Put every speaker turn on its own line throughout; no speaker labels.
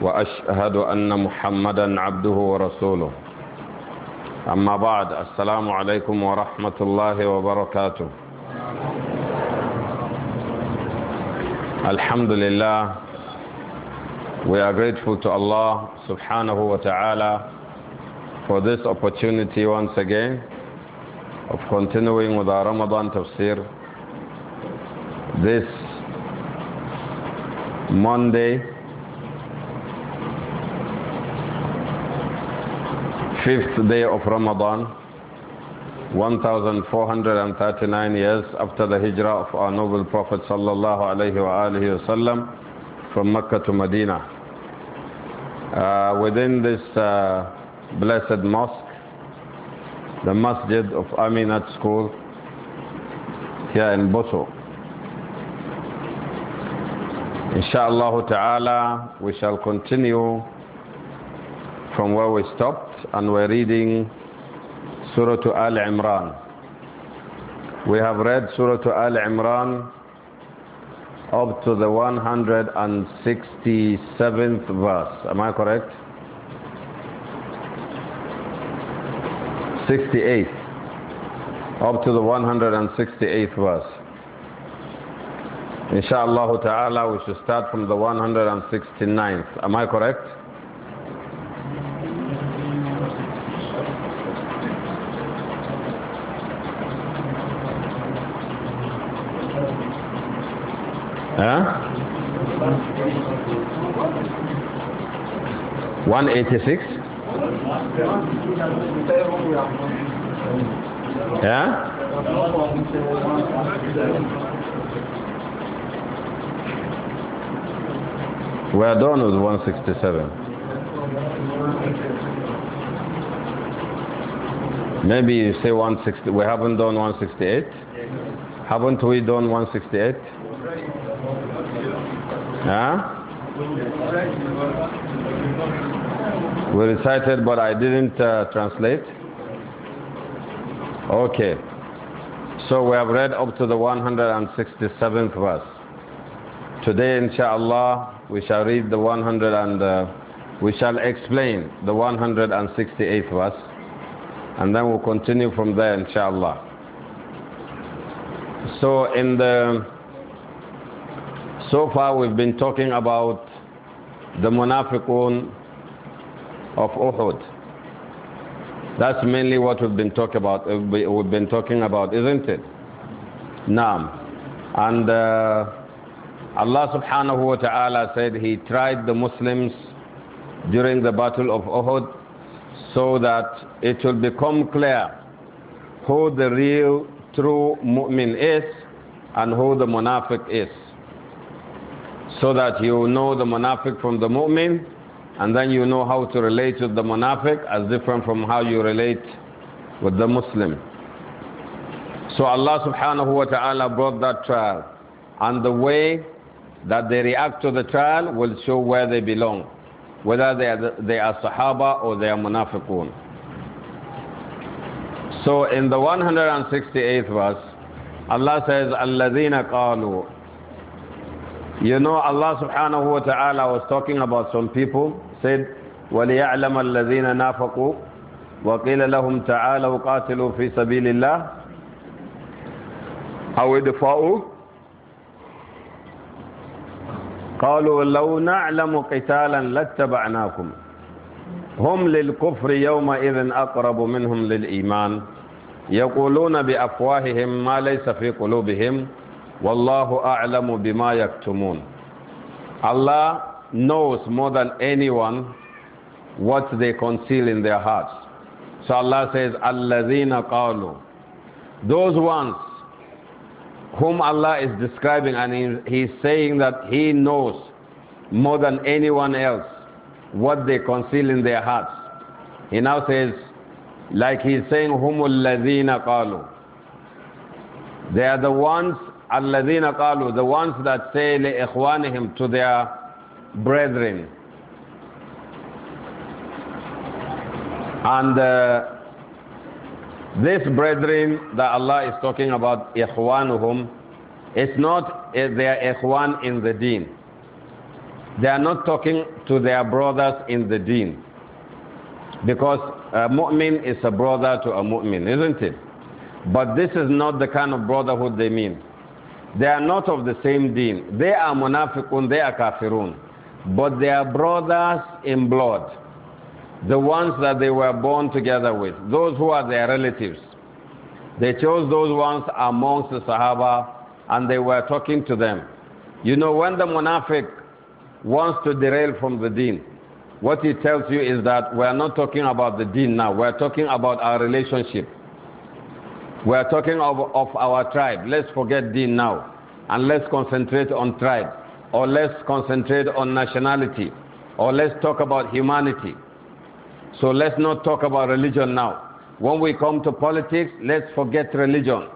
واشهد ان محمدا عبده ورسوله اما بعد السلام عليكم ورحمه الله وبركاته لله we are grateful to allah subhanahu wa ta'ala for this opportunity once again of continuing with our ramadan tafsir this monday fifth day of Ramadan, 1439 years after the hijrah of our noble Prophet sallallahu alayhi wa alihi wasallam from Mecca to Medina. Uh, within this uh, blessed mosque, the masjid of Aminat School here in Boso. Insha'Allah ta'ala, we shall continue from where we stopped and we're reading Surah Al Imran. We have read Surah Al Imran up to the 167th verse. Am I correct? 68th. Up to the 168th verse. Inshallah ta'ala, we should start from the 169th. Am I correct? 186? Yeah? We are done with 167. Maybe you say 160. We haven't done 168. Haven't we done 168? Huh? We recited, but I didn't uh, translate. Okay. So we have read up to the 167th verse. Today, inshallah, we shall read the 100 and uh, we shall explain the 168th verse, and then we'll continue from there, inshallah. So in the so far we've been talking about the munafiqun of Uhud. That's mainly what we've been talking about. Uh, we've been talking about, isn't it? Naam. And uh, Allah subhanahu wa ta'ala said he tried the Muslims during the battle of Uhud so that it will become clear who the real true mu'min is and who the munafiq is. So that you know the munafiq from the mu'min and then you know how to relate with the munafiq as different from how you relate with the Muslim. So Allah subhanahu wa ta'ala brought that trial. And the way that they react to the trial will show where they belong, whether they are, they are Sahaba or they are Munafiqun. So in the 168th verse, Allah says, You know, Allah subhanahu wa ta'ala was talking about some people, said, وَلِيَعْلَمَ الَّذِينَ نَافَقُوا وَقِيلَ لَهُمْ تَعَالَوْا قَاتِلُوا فِي سَبِيلِ اللَّهِ أَوْ ادْفَعُوا قالوا لو نعلم قتالا لاتبعناكم هم للكفر يومئذ أقرب منهم للإيمان يقولون بأفواههم ما ليس في قلوبهم Wallahu a'lamu bima yaktumun. Allah knows more than anyone what they conceal in their hearts. So Allah says, Alladhina qalu. Those ones whom Allah is describing and he, He's saying that He knows more than anyone else what they conceal in their hearts. He now says, like He's saying, Humul ladhina qalu. They are the ones الَّذِينَ قَالُوا The ones that say لِإِخْوَانِهِمْ To their brethren. And uh, this brethren that Allah is talking about, إِخْوَانُهُمْ It's not uh, their إِخْوَان in the deen. They are not talking to their brothers in the deen. Because a mu'min is a brother to a mu'min, isn't it? But this is not the kind of brotherhood they mean. They are not of the same deen. They are munafiqun, they are kafirun. But they are brothers in blood. The ones that they were born together with. Those who are their relatives. They chose those ones amongst the Sahaba and they were talking to them. You know, when the munafiq wants to derail from the deen, what he tells you is that we are not talking about the deen now, we are talking about our relationship. We are talking of, of our tribe. Let's forget deen now. And let's concentrate on tribe. Or let's concentrate on nationality. Or let's talk about humanity. So let's not talk about religion now. When we come to politics, let's forget religion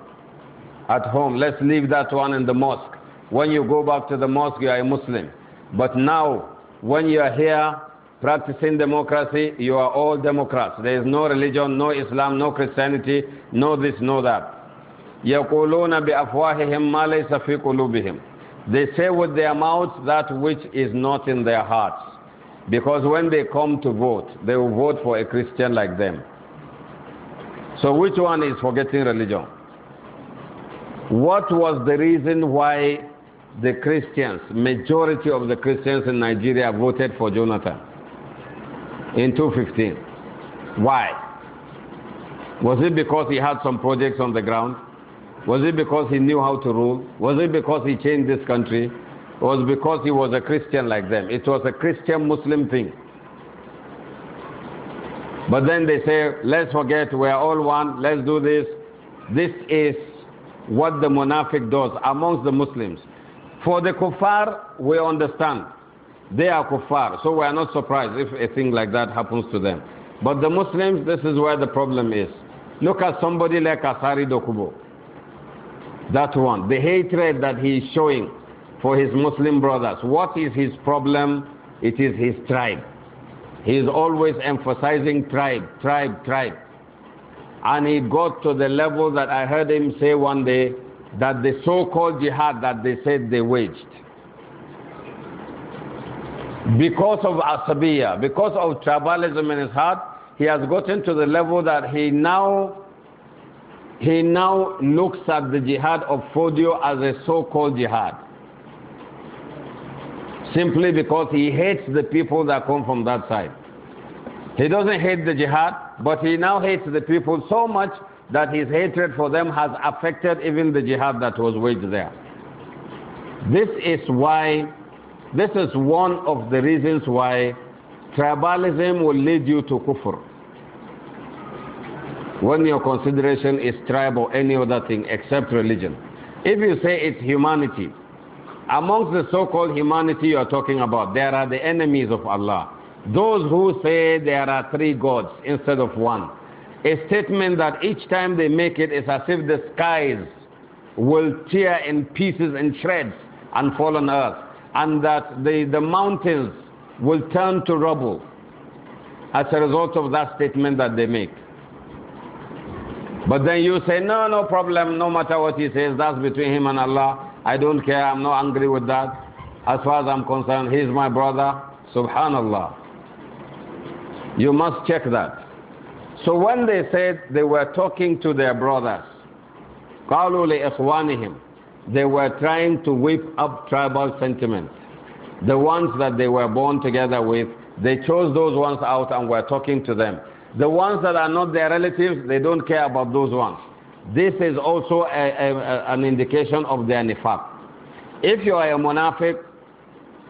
at home. Let's leave that one in the mosque. When you go back to the mosque, you are a Muslim. But now, when you are here, practicing democracy, you are all Democrats. There is no religion, no Islam, no Christianity, no this, no that. يقولون بأفواههم ما ليس في قلوبهم. They say with their mouths that which is not in their hearts. Because when they come to vote, they will vote for a Christian like them. So which one is forgetting religion? What was the reason why the Christians, majority of the Christians in Nigeria voted for Jonathan? in 215, Why? Was it because he had some projects on the ground? Was it because he knew how to rule? Was it because he changed this country? was it because he was a Christian like them? It was a Christian Muslim thing. But then they say, let's forget, we're all one, let's do this. This is what the Munafiq does amongst the Muslims. For the Kufar, we understand. They are kuffar, so we are not surprised if a thing like that happens to them. But the Muslims, this is where the problem is. Look at somebody like Asari Dokubo. That one. The hatred that he is showing for his Muslim brothers. What is his problem? It is his tribe. He is always emphasizing tribe, tribe, tribe. And he got to the level that I heard him say one day that the so called jihad that they said they waged because of asabiya, because of tribalism in his heart, he has gotten to the level that he now he now looks at the jihad of Fodio as a so-called jihad. Simply because he hates the people that come from that side. He doesn't hate the jihad, but he now hates the people so much that his hatred for them has affected even the jihad that was waged there. This is why this is one of the reasons why tribalism will lead you to kufr. When your consideration is tribe or any other thing except religion. If you say it's humanity, amongst the so called humanity you are talking about, there are the enemies of Allah. Those who say there are three gods instead of one. A statement that each time they make it is as if the skies will tear in pieces and shreds and fall on earth and that the, the mountains will turn to rubble as a result of that statement that they make. But then you say, no, no problem, no matter what he says, that's between him and Allah. I don't care, I'm not angry with that. As far as I'm concerned, he's my brother. Subhanallah. You must check that. So when they said they were talking to their brothers, قالوا لإخوانهم they were trying to whip up tribal sentiment. The ones that they were born together with, they chose those ones out and were talking to them. The ones that are not their relatives, they don't care about those ones. This is also a, a, a, an indication of their nifaq. If you are a munafiq,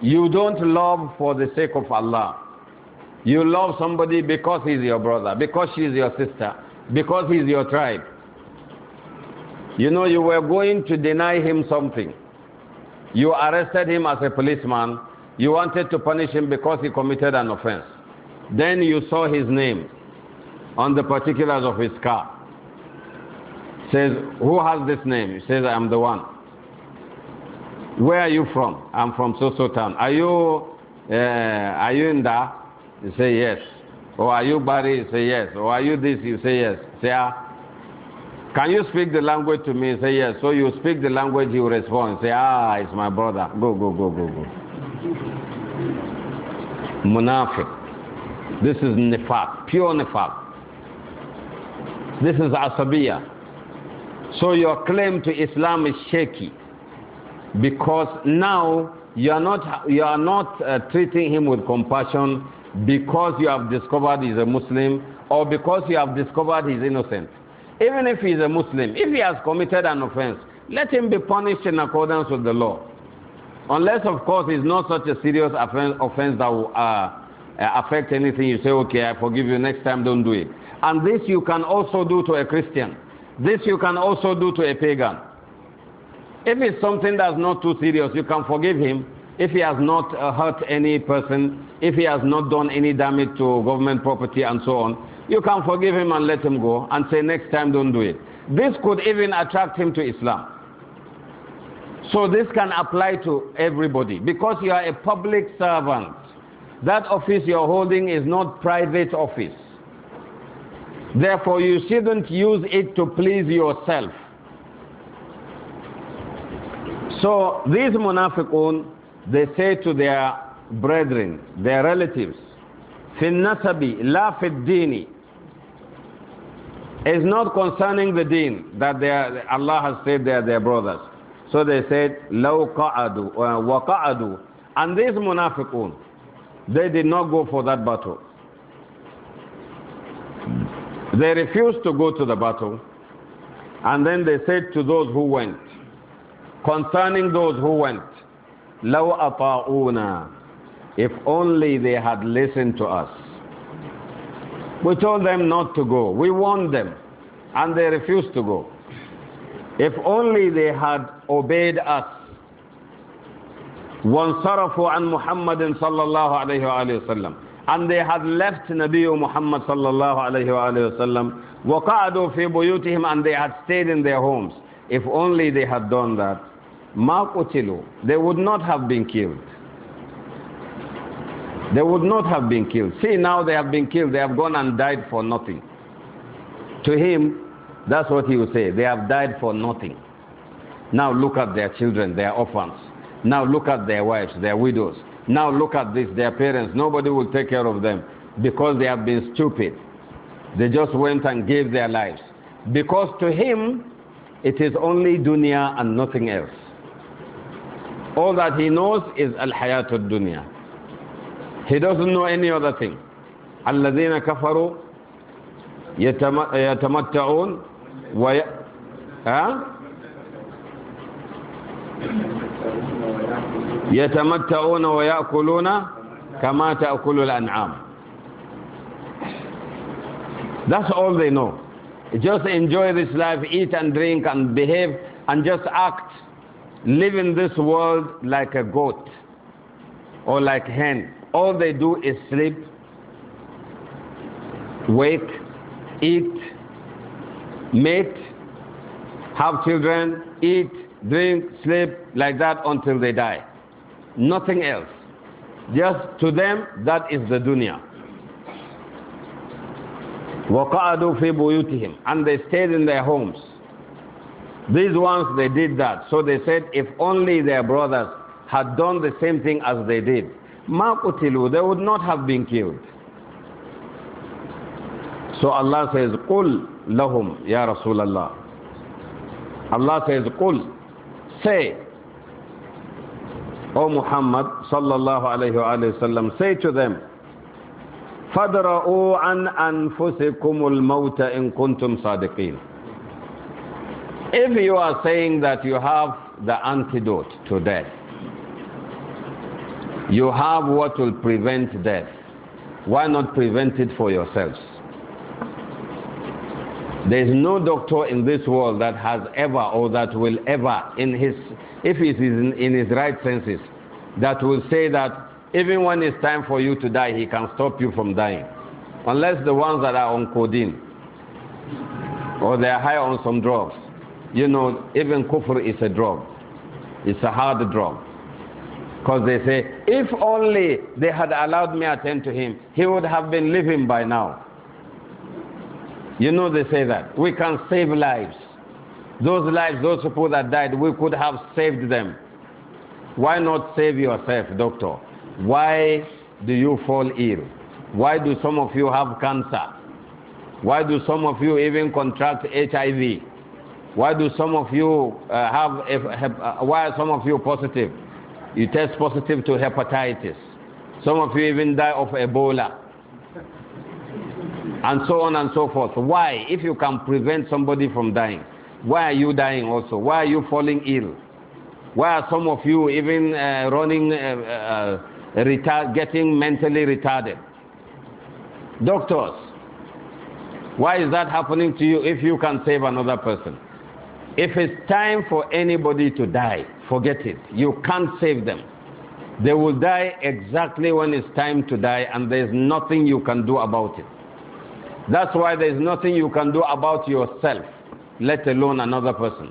you don't love for the sake of Allah. You love somebody because he's your brother, because she's your sister, because he's your tribe. You know, you were going to deny him something. You arrested him as a policeman. You wanted to punish him because he committed an offense. Then you saw his name on the particulars of his car. Says, Who has this name? He says, I am the one. Where are you from? I'm from Soso town. Are you, uh, are you in there? You say, Yes. Or oh, are you Barry? You say, Yes. Or oh, are you this? You say, Yes. Say, ah, can you speak the language to me? Say, Yes. So you speak the language, you respond. Say, Ah, it's my brother. Go, go, go, go, go. Munafiq. This is nifaq, pure nifaq. This is asabiya. So your claim to Islam is shaky because now you are not, you are not uh, treating him with compassion because you have discovered he's a Muslim or because you have discovered he's innocent even if he is a Muslim, if he has committed an offense, let him be punished in accordance with the law. Unless, of course, it's not such a serious offense, offense that will uh, uh, affect anything. You say, okay, I forgive you, next time don't do it. And this you can also do to a Christian. This you can also do to a pagan. If it's something that's not too serious, you can forgive him if he has not uh, hurt any person, if he has not done any damage to government property and so on. You can forgive him and let him go and say, next time don't do it. This could even attract him to Islam. So this can apply to everybody because you are a public servant. That office you're holding is not private office. Therefore, you shouldn't use it to please yourself. So these munafiqun, they say to their brethren, their relatives, في النسب لا في الدين it's not concerning the deen that they are, Allah has said they are their brothers. So they said, لَوْ wa وَقَعَدُوا And these munafiqun, they did not go for that battle. They refused to go to the battle. And then they said to those who went, concerning those who went, لَوْ أَطَاعُونَا If only they had listened to us. We told them not to go. We warned them, and they refused to go. If only they had obeyed us. وانصرفوا عن محمد صلى الله عليه وآله وسلم and they had left Nabi Muhammad صلى الله عليه وآله وسلم وقعدوا في بيوتهم and they had stayed in their homes if only they had done that ما قتلوا they would not have been killed they would not have been killed. See, now they have been killed. They have gone and died for nothing. To him, that's what he would say. They have died for nothing. Now look at their children, their orphans. Now look at their wives, their widows. Now look at this, their parents. Nobody will take care of them because they have been stupid. They just went and gave their lives. Because to him, it is only dunya and nothing else. All that he knows is al hayatul dunya. He doesn't know any other thing. الَّذِينَ كَفَرُوا يَتَمَتَّعُونَ وَيَ... Huh? يَتَمَتَّعُونَ وَيَأْكُلُونَ كَمَا تَأْكُلُ الْأَنْعَامُ That's all they know. Just enjoy this life, eat and drink and behave and just act. Live in this world like a goat or like hen all they do is sleep, wake, eat, mate, have children, eat, drink, sleep, like that until they die. Nothing else. Just to them, that is the dunya. وَقَعَدُوا فِي بُيُوتِهِمْ And they stayed in their homes. These ones, they did that. So they said, if only their brothers had done the same thing as they did, ma they would not have been killed. So Allah says, Qul lahum, Ya Rasulullah. Allah says, Qul, say, O Muhammad sallallahu alayhi wa sallam, say to them, فَادْرَؤُوا عَنْ أَنفُسِكُمُ الْمَوْتَ in kuntum صَادِقِينَ If you are saying that you have the antidote to death, you have what will prevent death. Why not prevent it for yourselves? There is no doctor in this world that has ever or that will ever, in his, if he is in, in his right senses, that will say that even when it's time for you to die, he can stop you from dying. Unless the ones that are on codeine or they are high on some drugs. You know, even kufr is a drug, it's a hard drug. Because they say, if only they had allowed me attend to him, he would have been living by now. You know they say that. We can save lives. Those lives, those people that died, we could have saved them. Why not save yourself, doctor? Why do you fall ill? Why do some of you have cancer? Why do some of you even contract HIV? Why do some of you uh, have? have uh, why are some of you positive? You test positive to hepatitis. Some of you even die of Ebola. And so on and so forth. Why? If you can prevent somebody from dying, why are you dying also? Why are you falling ill? Why are some of you even uh, running, uh, uh, uh getting mentally retarded? Doctors, why is that happening to you if you can save another person? If it's time for anybody to die, Forget it. You can't save them. They will die exactly when it's time to die, and there's nothing you can do about it. That's why there's nothing you can do about yourself, let alone another person.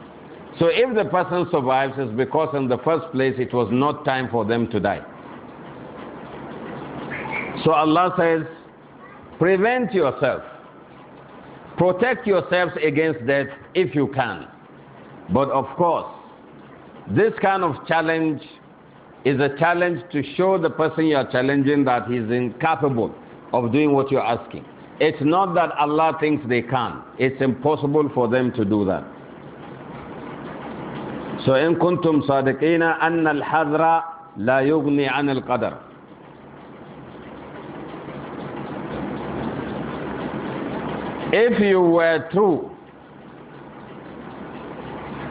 So if the person survives, it's because in the first place it was not time for them to die. So Allah says, prevent yourself. Protect yourselves against death if you can. But of course, this kind of challenge is a challenge to show the person you are challenging that he's incapable of doing what you're asking. It's not that Allah thinks they can. It's impossible for them to do that. So in kuntum sadiqina anna al-hadra la yughni an al If you were true,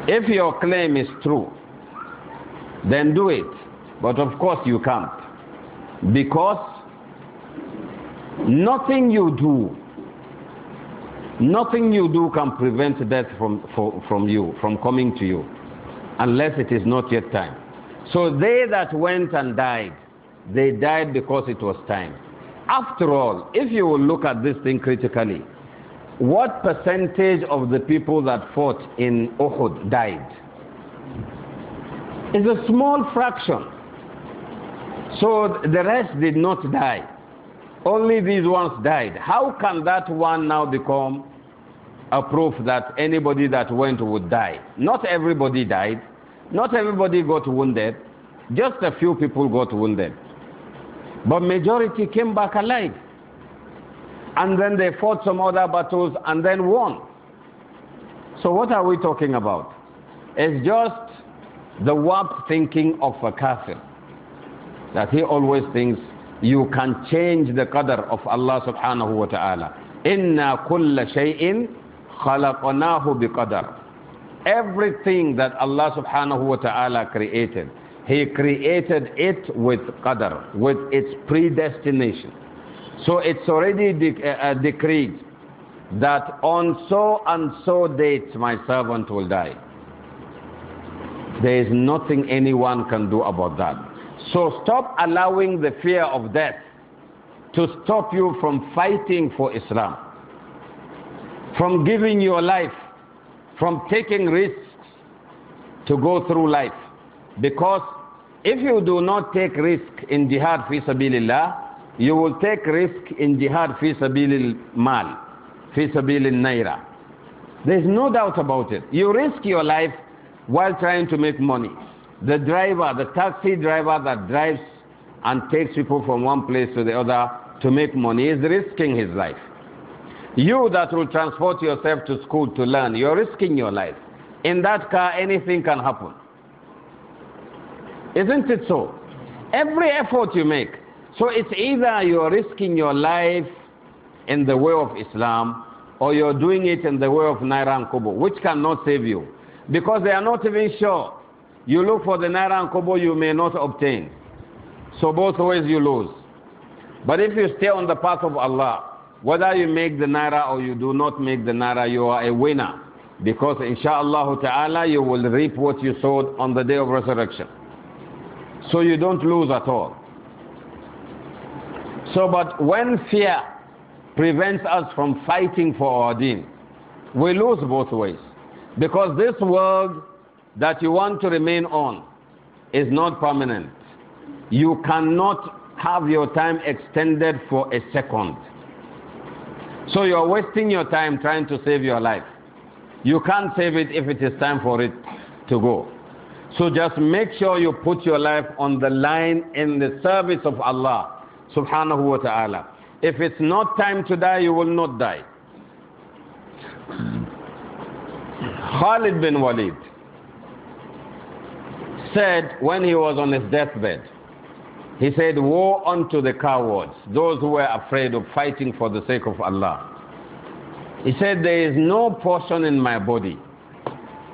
if your claim is true, then do it. But of course you can't. Because nothing you do, nothing you do can prevent death from, for, from you, from coming to you, unless it is not yet time. So they that went and died, they died because it was time. After all, if you will look at this thing critically, what percentage of the people that fought in Uhud died? is a small fraction. So the rest did not die. Only these ones died. How can that one now become a proof that anybody that went would die? Not everybody died. Not everybody got wounded. Just a few people got wounded. But majority came back alive. And then they fought some other battles and then won. So what are we talking about? It's just the warped thinking of a kafir. That he always thinks you can change the qadr of Allah subhanahu wa ta'ala. Inna kulla shay'in khalaqnahu biqadar. Everything that Allah subhanahu wa ta'ala created, He created it with qadar, with its predestination. So it's already de uh, uh, decreed that on so and so date my servant will die. There is nothing anyone can do about that. So stop allowing the fear of death to stop you from fighting for Islam, from giving your life, from taking risks to go through life. Because if you do not take risk in jihad fi sabilillah, you will take risk in jihad fi sabilil mal, fi sabilil naira. There is no doubt about it. You risk your life while trying to make money. The driver, the taxi driver that drives and takes people from one place to the other to make money is risking his life. You that will transport yourself to school to learn, you're risking your life. In that car, anything can happen. Isn't it so? Every effort you make. So it's either you're risking your life in the way of Islam or you're doing it in the way of Naira and Kobo, which cannot save you because they are not even sure. You look for the naira and kobo, you may not obtain. So both ways you lose. But if you stay on the path of Allah, whether you make the naira or you do not make the naira, you are a winner. Because insha'Allah ta'ala, you will reap what you sowed on the day of resurrection. So you don't lose at all. So, but when fear prevents us from fighting for our deen, we lose both ways. Because this world that you want to remain on is not permanent. You cannot have your time extended for a second. So you're wasting your time trying to save your life. You can't save it if it is time for it to go. So just make sure you put your life on the line in the service of Allah subhanahu wa ta'ala. If it's not time to die, you will not die. Khalid bin Walid said when he was on his deathbed, he said, Woe unto the cowards, those who were afraid of fighting for the sake of Allah. He said, There is no portion in my body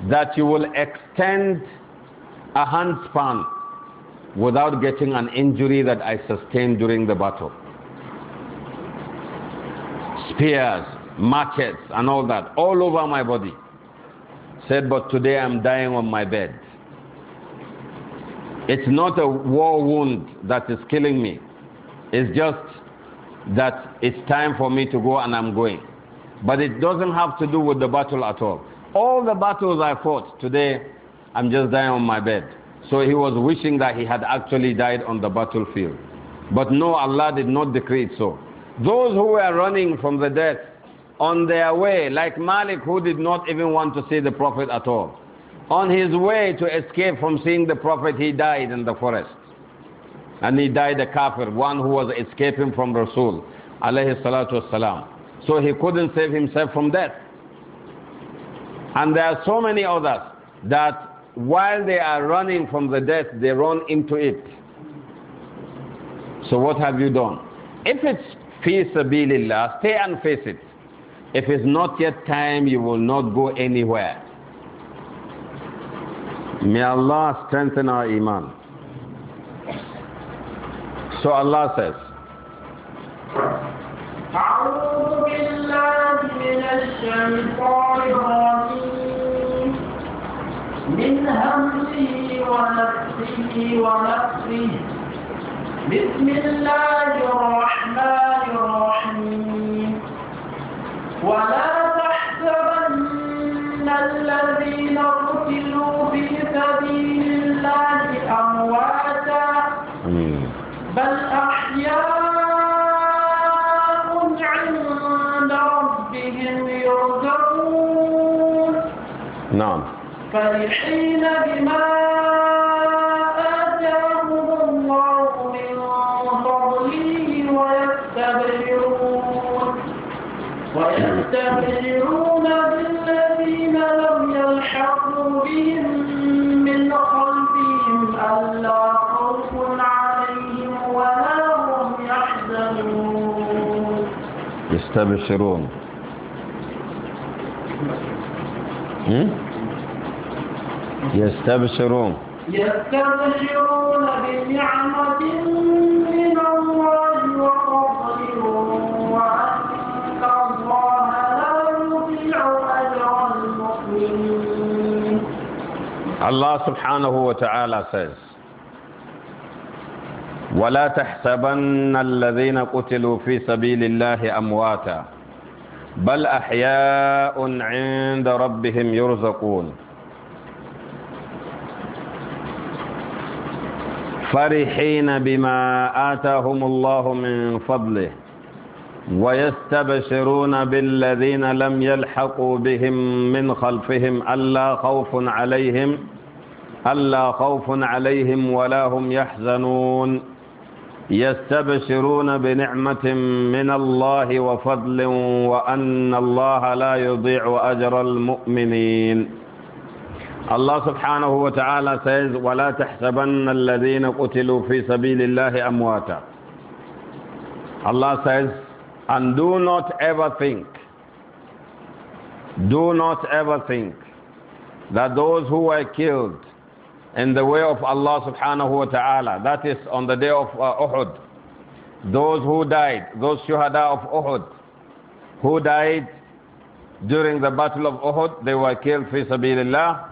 that you will extend a handspan without getting an injury that I sustained during the battle. Spears, machets, and all that, all over my body said, But today I'm dying on my bed. It's not a war wound that is killing me. It's just that it's time for me to go and I'm going. But it doesn't have to do with the battle at all. All the battles I fought today, I'm just dying on my bed. So he was wishing that he had actually died on the battlefield. But no, Allah did not decree it so. Those who were running from the death, on their way, like Malik, who did not even want to see the Prophet at all. On his way to escape from seeing the Prophet, he died in the forest. And he died a kafir, one who was escaping from Rasul, alayhi salatu wasalam. So he couldn't save himself from death. And there are so many others that while they are running from the death, they run into it. So what have you done? If it's fi sabilillah, stay and face it. If it's not yet time, you will not go anywhere. May Allah strengthen our iman. So Allah says,
بسم الله الرحمن ولا تحسبن الذين قتلوا في سبيل الله أمواتا بل أحياء عند ربهم يرزقون
نعم فرحين يستبشرون يستبشرون
يستبشرون
بنعمة من الله وفضل وأن الله لا يطيع أجر المؤمنين
الله سبحانه وتعالى says ولا تحسبن الذين قتلوا في سبيل الله أمواتا بل أحياء عند ربهم يرزقون فرحين بما آتاهم الله من فضله ويستبشرون بالذين لم يلحقوا بهم من خلفهم ألا خوف عليهم ألا خوف عليهم ولا هم يحزنون يستبشرون بنعمة من الله وفضل وأن الله لا يضيع أجر المؤمنين الله سبحانه وتعالى says ولا تحسبن الذين قتلوا في سبيل الله أمواتا Allah says and do not ever think do not ever think that those who were killed in the way of Allah subhanahu wa ta'ala. That is on the day of uh, Uhud. Those who died, those shuhada of Uhud, who died during the battle of Uhud, they were killed fi sabilillah.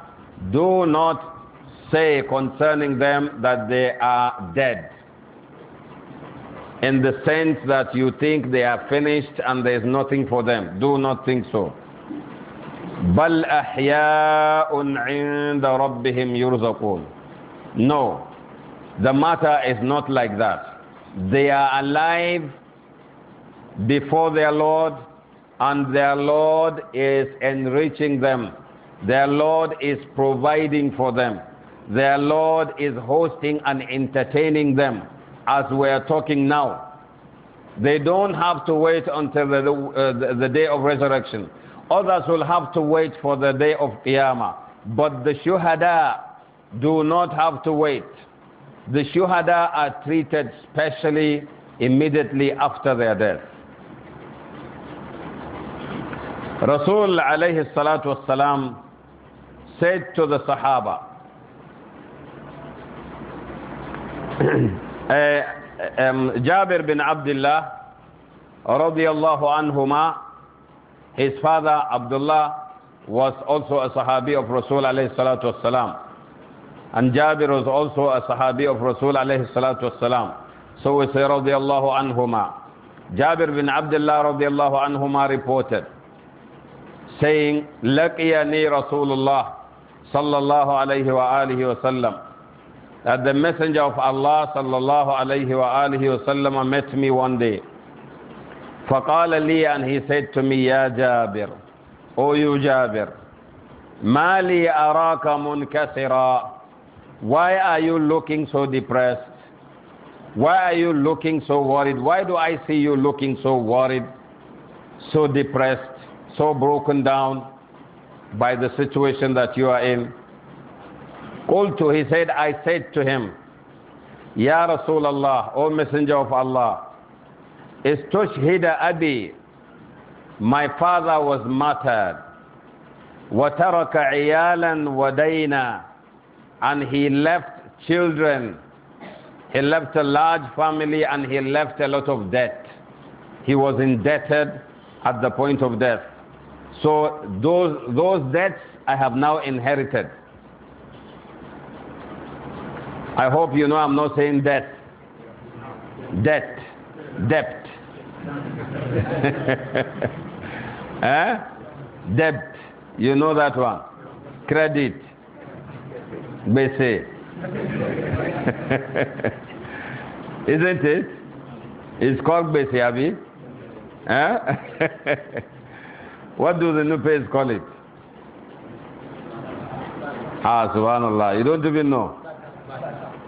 Do not say concerning them that they are dead. In the sense that you think they are finished and there is nothing for them. Do not think so. بل أحياء عند ربهم يرزقون No, the matter is not like that. They are alive before their Lord and their Lord is enriching them. Their Lord is providing for them. Their Lord is hosting and entertaining them as we are talking now. They don't have to wait until the, uh, the, the day of resurrection. Others will have to wait for the day of Qiyamah. But the shuhada do not have to wait. The shuhada are treated specially immediately after their death. Rasul alayhi salatu wasalam said to the Sahaba, uh, um, Jabir bin Abdullah radiallahu anhuma his father, Abdullah, was also a Sahabi of Rasul alayhi salatu wasalam. And Jabir was also a Sahabi of Rasul alayhi salatu wasalam. So we say, radiallahu anhuma. Jabir bin Abdullah radiallahu anhuma reported, saying, لَقِيَنِي رَسُولُ اللَّهِ sallallahu alayhi wa alihi wa sallam. That the messenger of Allah sallallahu alayhi wa alihi wa sallam met me one day. فقال لي and he said to me يا جابر O you Jabir ما لي أراك منكسرا Why are you looking so depressed? Why are you looking so worried? Why do I see you looking so worried, so depressed, so broken down by the situation that you are in? قلت, he said, I said to him, Ya الله, O Messenger of Allah, Istushhida Abi, my father was martyred. وَتَرَكَ عِيَالًا وَدَيْنًا And he left children. He left a large family and he left a lot of debt. He was indebted at the point of death. So those, those debts I have now inherited. I hope you know I'm not saying debt.
Debt. Debt
eh? Debt, you know that one. Credit, they Isn't it? It's called Bese, Abi. Eh? what do the Nupes call it? Ah, subhanallah. You don't even know.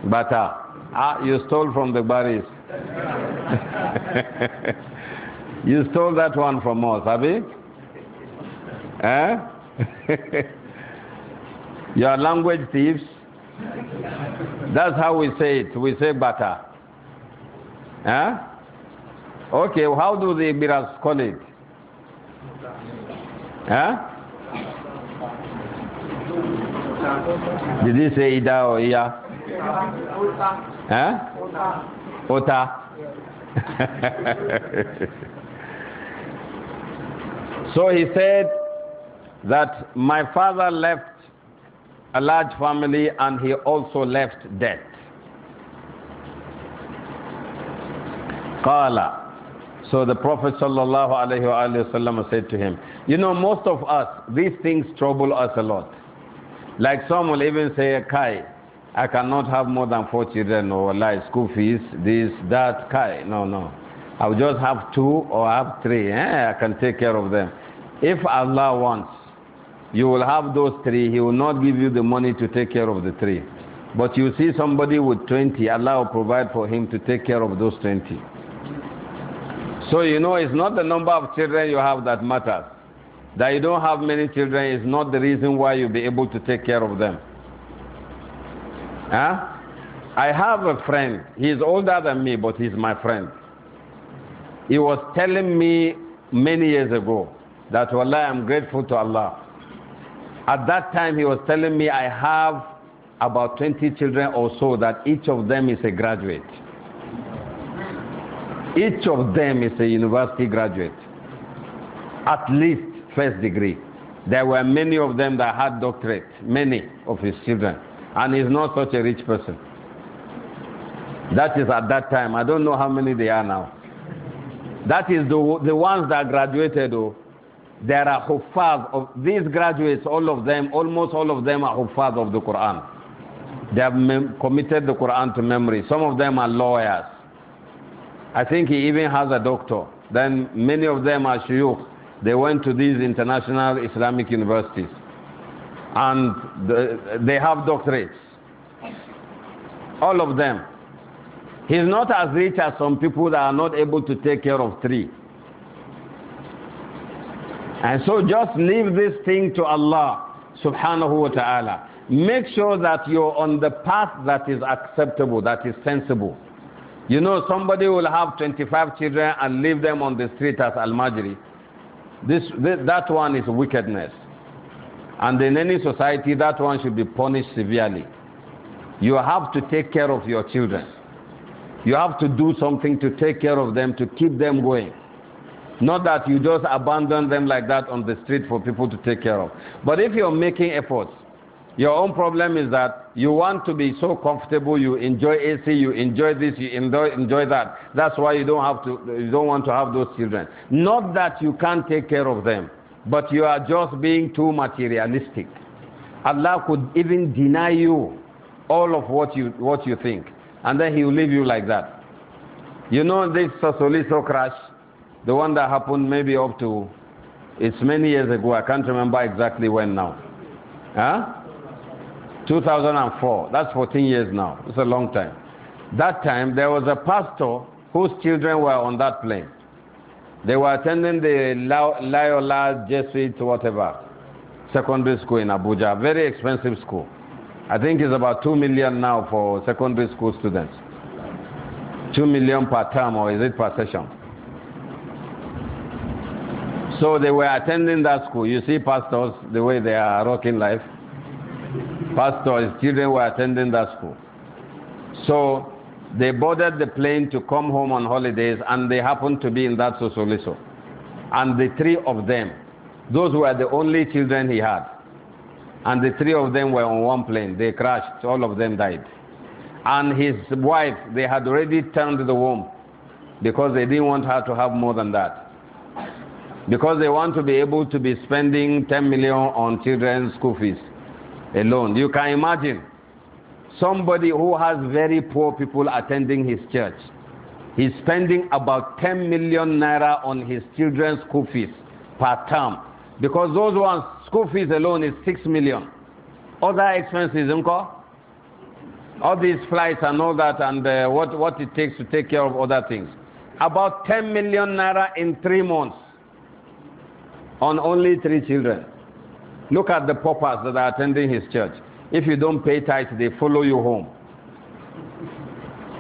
Bata. Ah, you stole from the baris. you stole that one from us, you? Eh? you are language thieves. That's how we say it. We say butter. Eh? Okay, how do the Ibiras call it? Eh? Did he say Ida or Iya?
Eh? Ota.
so he said that my father left a large family and he also left debt. Qala. So the Prophet ﷺ said to him, You know, most of us, these things trouble us a lot. Like some will even say, Kai, I cannot have more than four children or like school fees, this, that, kai. No, no. I'll just have two or have three. Eh? I can take care of them. If Allah wants, you will have those three. He will not give you the money to take care of the three. But you see somebody with 20, Allah will provide for him to take care of those 20. So you know it's not the number of children you have that matters. That you don't have many children is not the reason why you'll be able to take care of them. Huh? I have a friend. He's older than me, but he's my friend. He was telling me many years ago that, Wallah, I'm grateful to Allah. At that time, he was telling me I have about 20 children or so, that each of them is a graduate. Each of them is a university graduate, at least first degree. There were many of them that had doctorate, many of his children and he's not such a rich person. That is at that time. I don't know how many they are now. That is the, the ones that graduated. Oh, there are huffaz of these graduates, all of them, almost all of them are huffaz of the Quran. They have committed the Quran to memory. Some of them are lawyers. I think he even has a doctor. Then many of them are shuyukh. They went to these international Islamic universities and they have doctorates. All of them. He's not as rich as some people that are not able to take care of three. And so just leave this thing to Allah subhanahu wa ta'ala. Make sure that you're on the path that is acceptable, that is sensible. You know, somebody will have 25 children and leave them on the street as Al Majri. This, this, that one is wickedness. And in any society, that one should be punished severely. You have to take care of your children. You have to do something to take care of them, to keep them going. Not that you just abandon them like that on the street for people to take care of. But if you're making efforts, your own problem is that you want to be so comfortable, you enjoy AC, you enjoy this, you enjoy, enjoy that. That's why you don't, have to, you don't want to have those children. Not that you can't take care of them. But you are just being too materialistic. Allah could even deny you all of what you, what you think. And then He will leave you like that. You know this Sosoliso crash, the one that happened maybe up to, it's many years ago. I can't remember exactly when now. Huh? 2004. That's 14 years now. It's a long time. That time, there was a pastor whose children were on that plane. They were attending the Loyola Jesuit, whatever, secondary school in Abuja. Very expensive school. I think it's about 2 million now for secondary school students. 2 million per term, or is it per session? So they were attending that school. You see pastors, the way they are rocking life. Pastors, children were attending that school. So they boarded the plane to come home on holidays and they happened to be in that Sosoliso. And the three of them, those were the only children he had. And the three of them were on one plane. They crashed. All of them died. And his wife, they had already turned the womb because they didn't want her to have more than that. Because they want to be able to be spending 10 million on children's school fees alone. You can imagine somebody who has very poor people attending his church. He's spending about 10 million naira on his children's school fees per term. Because those ones, school fees alone is 6 million. Other expenses, Unko? All these flights and all that, and uh, what, what it takes to take care of other things. About 10 million naira in three months on only three children. Look at the paupers that are attending his church. If you don't pay tithe, they follow you home.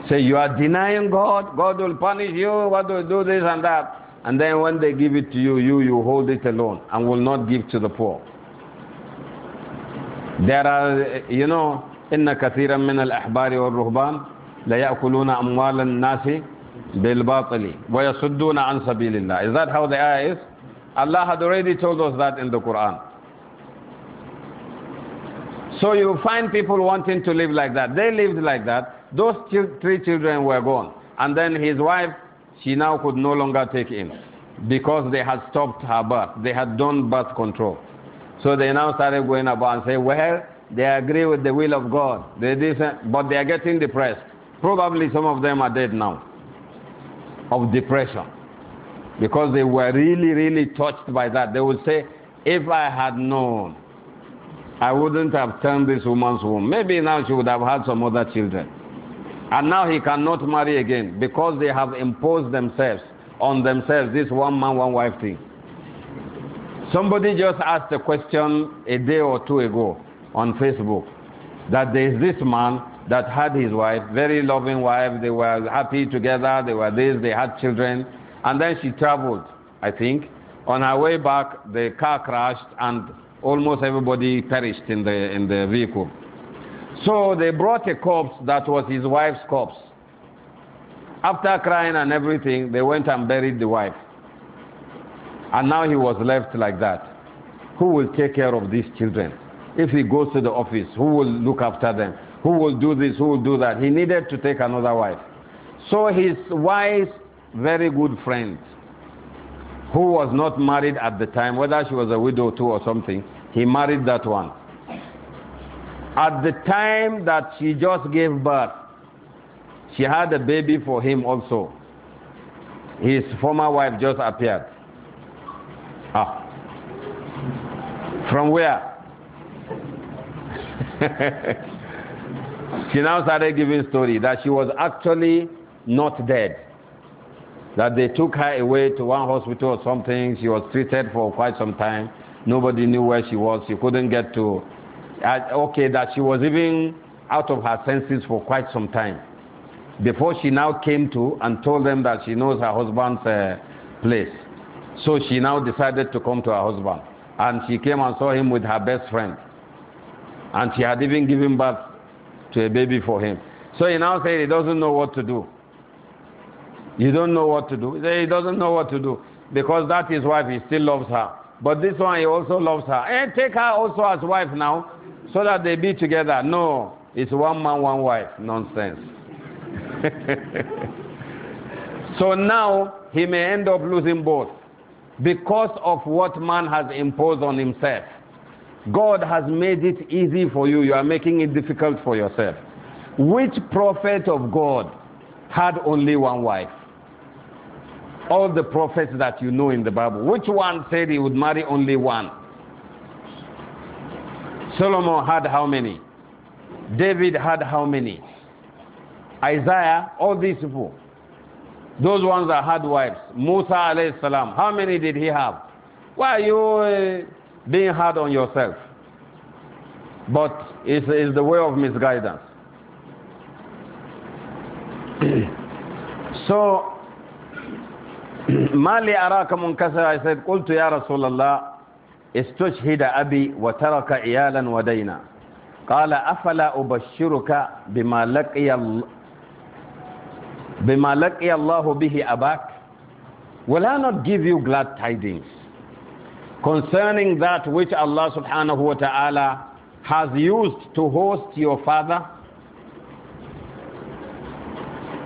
Say, you are denying God, God will punish you, What do you do this and that. And then when they give it to you, you, you hold it alone and will not give to the poor. There are, you know, إن كثيرا من الأحبار والرهبان لا يأكلون أموال الناس بالباطل ويصدون عن سبيل الله. Is that how the ayah is? Allah had already told us that in the Quran. So you find people wanting to live like that. They lived like that. Those three children were gone. And then his wife, she now could no longer take him because they had stopped her birth. They had done birth control. So they now started going about and say, well, they agree with the will of God. They didn't, but they are getting depressed. Probably some of them are dead now of depression because they were really, really touched by that. They would say, if I had known, I wouldn't have turned this woman's womb. Maybe now she would have had some other children. And now he cannot marry again because they have imposed themselves on themselves this one man, one wife thing. Somebody just asked a question a day or two ago on Facebook that there is this man that had his wife, very loving wife. They were happy together. They were this. They had children. And then she traveled, I think. On her way back, the car crashed and almost everybody perished in the, in the vehicle. So they brought a corpse that was his wife's corpse. After crying and everything, they went and buried the wife. And now he was left like that. Who will take care of these children? If he goes to the office, who will look after them? Who will do this? Who will do that? He needed to take another wife. So his wife's very good friend who was not married at the time, whether she was a widow too or something, he married that one. At the time that she just gave birth, she had a baby for him also. His former wife just appeared. Ah. From where? she now started giving story that she was actually not dead that they took her away to one hospital or something. She was treated for quite some time. Nobody knew where she was. She couldn't get to. okay, that she was even out of her senses for quite some time. Before she now came to and told them that she knows her husband's uh, place. So she now decided to come to her husband. And she came and saw him with her best friend. And she had even given birth to a baby for him. So he now said he doesn't know what to do. You don't know what to do. He, doesn't know what to do because that is wife. He still loves her. But this one, he also loves her. And eh, take her also as wife now so that they be together. No, it's one man, one wife. Nonsense. so now he may end up losing both because of what man has imposed on himself. God has made it easy for you. You are making it difficult for yourself. Which prophet of God had only one wife? all the prophets that you know in the Bible. Which one said he would marry only one? Solomon had how many? David had how many? Isaiah, all these people. Those ones are hard wives. Musa salam, how many did he have? Why are you eh, being hard on yourself? But it's, it's the way of misguidance. so ما لي أراك منكسرا I said قلت يا رسول الله استشهد أبي وترك عيالا ودينا قال أفلا أبشرك بما لقي الله بما لقي الله به أباك Will I not give you glad tidings concerning that which Allah subhanahu wa ta'ala has used to host your father?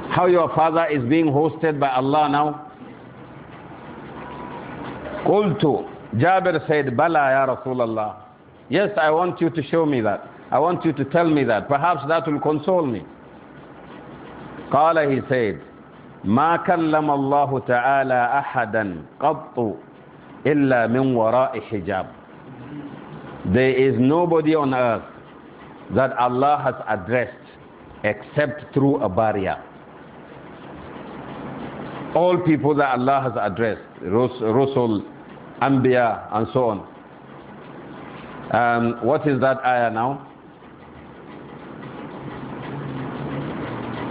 How your father is being hosted by Allah now? Qultu, Jabir said, Bala ya Rasulullah. Yes, I want you to show me that. I want you to tell me that. Perhaps that will console me. Qala, he said, ما كلم الله تعالى أحدا قط إلا من وراء حجاب. There is nobody on earth that Allah has addressed except through a barrier. All people that Allah has addressed, Rasul, Anbiya, and so on. Um, what is that ayah now?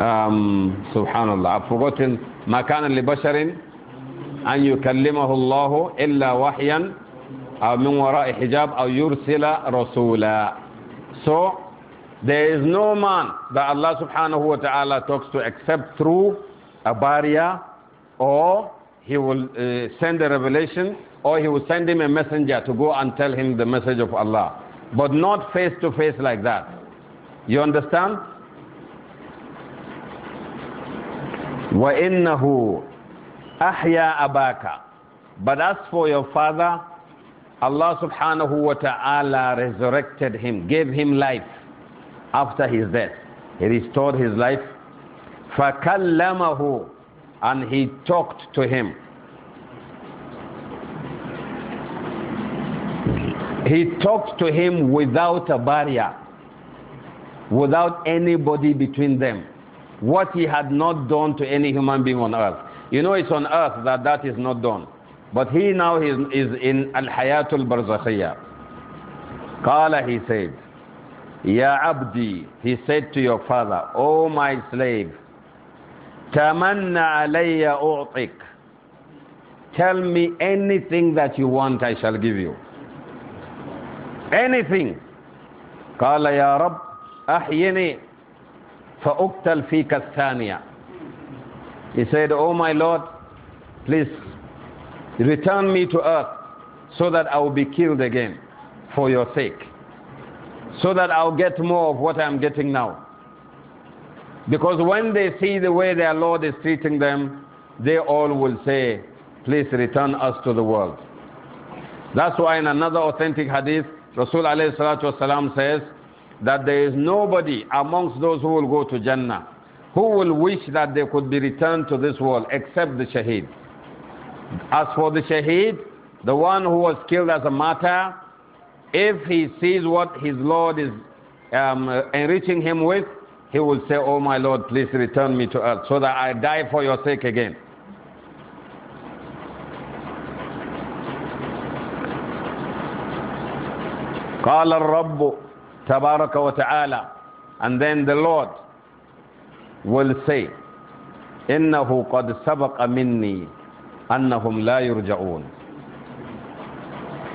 Um, Subhanallah, I've forgotten. ما كان لبشر أن يكلمه الله إلا وحيا أو من وراء حجاب أو يرسل رسولا. So there is no man that Allah subhanahu wa ta'ala talks to except through a barrier or he will uh, send a revelation or he will send him a messenger to go and tell him the message of Allah. But not face to face like that. You understand? وَإِنَّهُ أَحْيَا أَبَاكَ But as for your father, Allah subhanahu wa ta'ala resurrected him, gave him life after his death. He restored his life. فَكَلَّمَهُ And he talked to him. He talked to him without a barrier, without anybody between them. What he had not done to any human being on earth. You know, it's on earth that that is not done. But he now is, is in Al Hayatul Barzakhiyah. "Kala," he said, Ya Abdi, he said to your father, O oh my slave, Tamanna alayya u'tik. Tell me anything that you want, I shall give you anything قال يا رب أحيني فأقتل فيك الثانية He said, Oh my Lord, please return me to earth so that I will be killed again for your sake. So that I'll get more of what I'm getting now. Because when they see the way their Lord is treating them, they all will say, Please return us to the world. That's why in another authentic hadith, Rasul alayhi salatu wasalam says that there is nobody amongst those who will go to Jannah who will wish that they could be returned to this world except the shaheed. As for the shaheed, the one who was killed as a martyr, if he sees what his Lord is um, uh, enriching him with, he will say, Oh, my Lord, please return me to earth so that I die for your sake again. قال الرب تبارك وتعالى and then the Lord will say إنه قد سبق مني أنهم لا يرجعون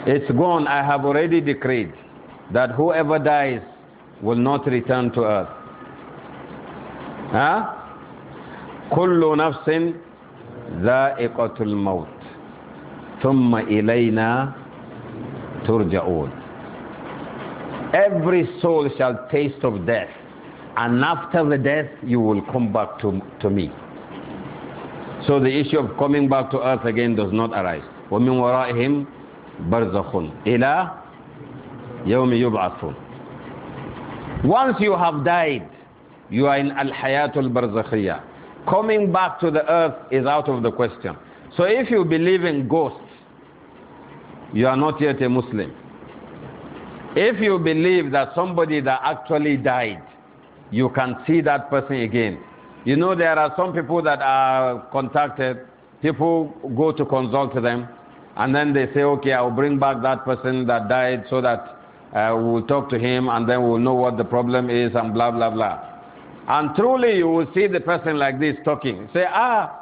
It's gone I have already decreed that whoever dies will not return to earth Huh? كل نفس ذائقة الموت ثم إلينا ترجعون Every soul shall taste of death, and after the death you will come back to, to me. So the issue of coming back to earth again does not arise. وَمِنْ وَرَائِهِمْ بَرْزَخٌ إِلَىٰ يَوْمِ يُبْعَثُونَ Once you have died, you are in al-hayatul Coming back to the earth is out of the question. So if you believe in ghosts, you are not yet a Muslim. If you believe that somebody that actually died, you can see that person again. You know, there are some people that are contacted, people go to consult them, and then they say, okay, I'll bring back that person that died so that uh, we'll talk to him and then we'll know what the problem is and blah, blah, blah. And truly, you will see the person like this talking. Say, ah,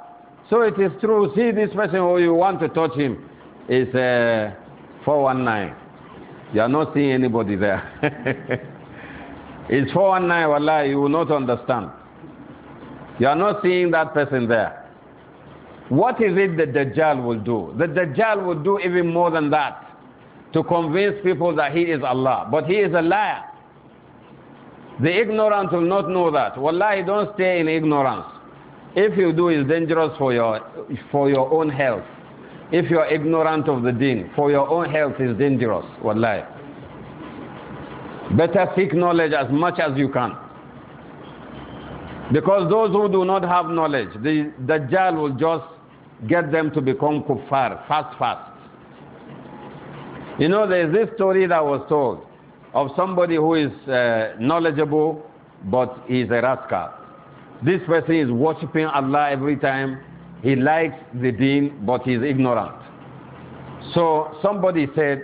so it is true. See this person who oh, you want to touch him is uh, 419. You are not seeing anybody there. it's 419, Wallah, you will not understand. You are not seeing that person there. What is it the Dajjal will do? The Dajjal will do even more than that to convince people that he is Allah. But he is a liar. The ignorant will not know that. Wallahi, don't stay in ignorance. If you do, it's dangerous for your, for your own health if you are ignorant of the deen. For your own health is dangerous, wallahi. Better seek knowledge as much as you can. Because those who do not have knowledge, the Dajjal will just get them to become kuffar fast, fast. You know, there is this story that was told of somebody who is uh, knowledgeable but is a rascal. This person is worshipping Allah every time, he likes the deen, but he's ignorant. So somebody said,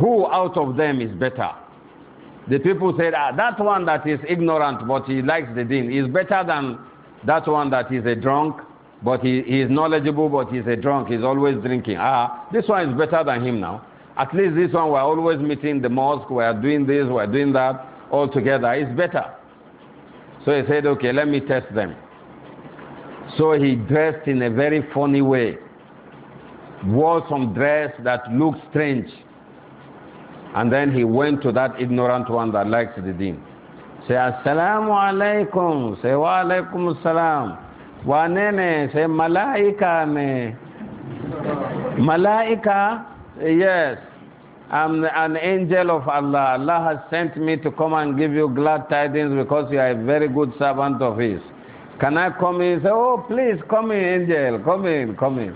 Who out of them is better? The people said, ah, That one that is ignorant, but he likes the deen, is better than that one that is a drunk, but he, he is knowledgeable, but he's a drunk, he's always drinking. Ah, this one is better than him now. At least this one, we're always meeting the mosque, we're doing this, we're doing that, all together. It's better. So he said, Okay, let me test them. So he dressed in a very funny way, wore some dress that looked strange. And then he went to that ignorant one that likes the deen. Say, Assalamu alaikum. Say, Wa alaikum assalam. Wa nene. Say, Malaika me. Malaika? Yes. I'm an angel of Allah. Allah has sent me to come and give you glad tidings because you are a very good servant of His. Can I come in? He said, Oh, please come in, angel. Come in, come in.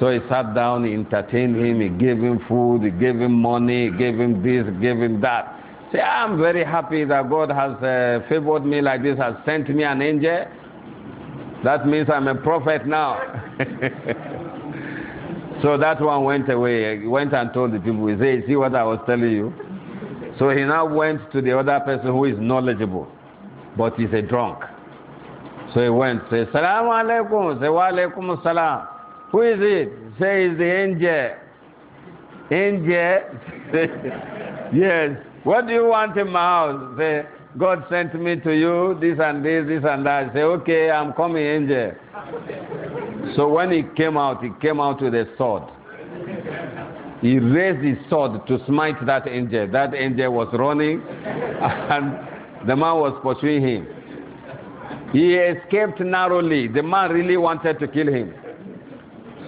So he sat down, he entertained him, he gave him food, he gave him money, he gave him this, gave him that. Say, I'm very happy that God has uh, favored me like this, has sent me an angel. That means I'm a prophet now. so that one went away. He went and told the people, he said, See what I was telling you? So he now went to the other person who is knowledgeable, but he's a drunk. So he went, said, Salaam alaikum. Say, Wa alaikum Salaam. Who is it? Say, it's the angel. Angel? yes. What do you want in my house? Say, God sent me to you, this and this, this and that. Say, okay, I'm coming, angel. So when he came out, he came out with a sword. He raised his sword to smite that angel. That angel was running, and the man was pursuing him. He escaped narrowly. The man really wanted to kill him.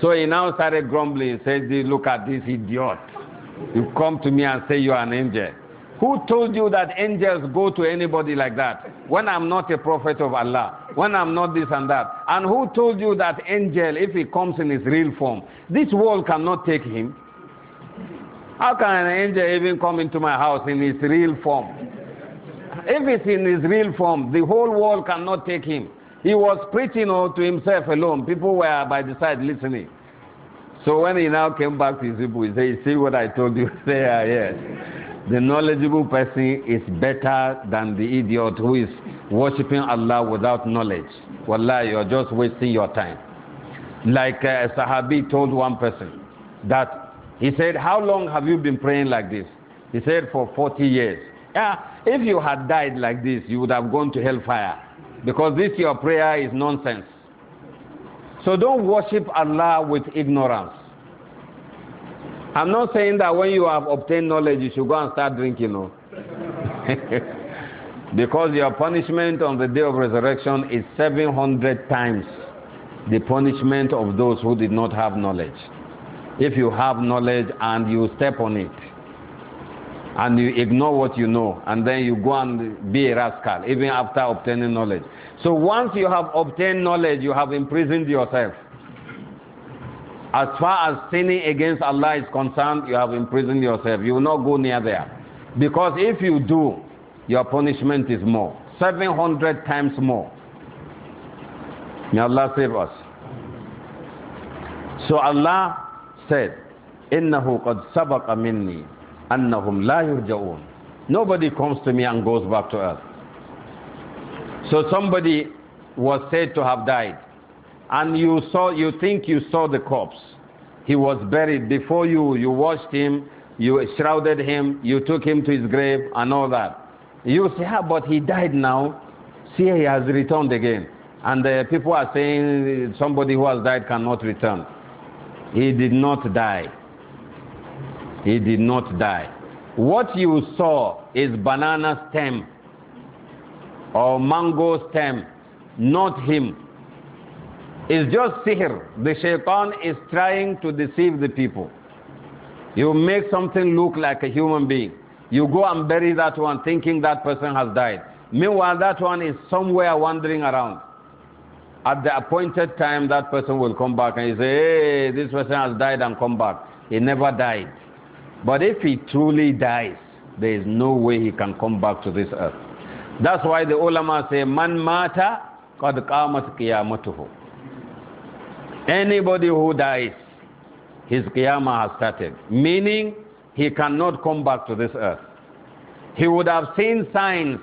So he now started grumbling. He says, Look at this idiot. You come to me and say you are an angel. Who told you that angels go to anybody like that? When I'm not a prophet of Allah, when I'm not this and that. And who told you that angel, if he comes in his real form, this world cannot take him? How can an angel even come into my house in his real form? everything is real form. The whole world cannot take him. He was preaching all to himself alone. People were by the side listening. So when he now came back to his people, he said, See what I told you? Say, ah, yes. The knowledgeable person is better than the idiot who is worshipping Allah without knowledge. Wallah, you're just wasting your time. Like uh, a Sahabi told one person that he said, How long have you been praying like this? He said, For 40 years. Yeah, if you had died like this, you would have gone to hellfire because this your prayer is nonsense. So don't worship Allah with ignorance. I'm not saying that when you have obtained knowledge, you should go and start drinking, no. because your punishment on the day of resurrection is 700 times the punishment of those who did not have knowledge. If you have knowledge and you step on it, and you ignore what you know, and then you go and be a rascal, even after obtaining knowledge. So once you have obtained knowledge, you have imprisoned yourself. As far as sinning against Allah is concerned, you have imprisoned yourself. You will not go near there. Because if you do, your punishment is more 700 times more. May Allah save us. So Allah said, إنه قد سبق مني annahum la yurja'un. Nobody comes to me and goes back to earth. So somebody was said to have died, and you saw, you think you saw the corpse. He was buried before you. You washed him, you shrouded him, you took him to his grave, and all that. You say, ah, but he died now. See, he has returned again. And the people are saying somebody who has died cannot return. He did not die. He did not die. What you saw is banana stem or mango stem, not him. It's just sihr. The shaitan is trying to deceive the people. You make something look like a human being. You go and bury that one thinking that person has died. Meanwhile, that one is somewhere wandering around. At the appointed time, that person will come back and say, Hey, this person has died and come back. He never died. But if he truly dies, there is no way he can come back to this earth. That's why the ulama say, Man mata qad qamat qiyamatuhu. Anybody who dies, his qiyamah has started. Meaning, he cannot come back to this earth. He would have seen signs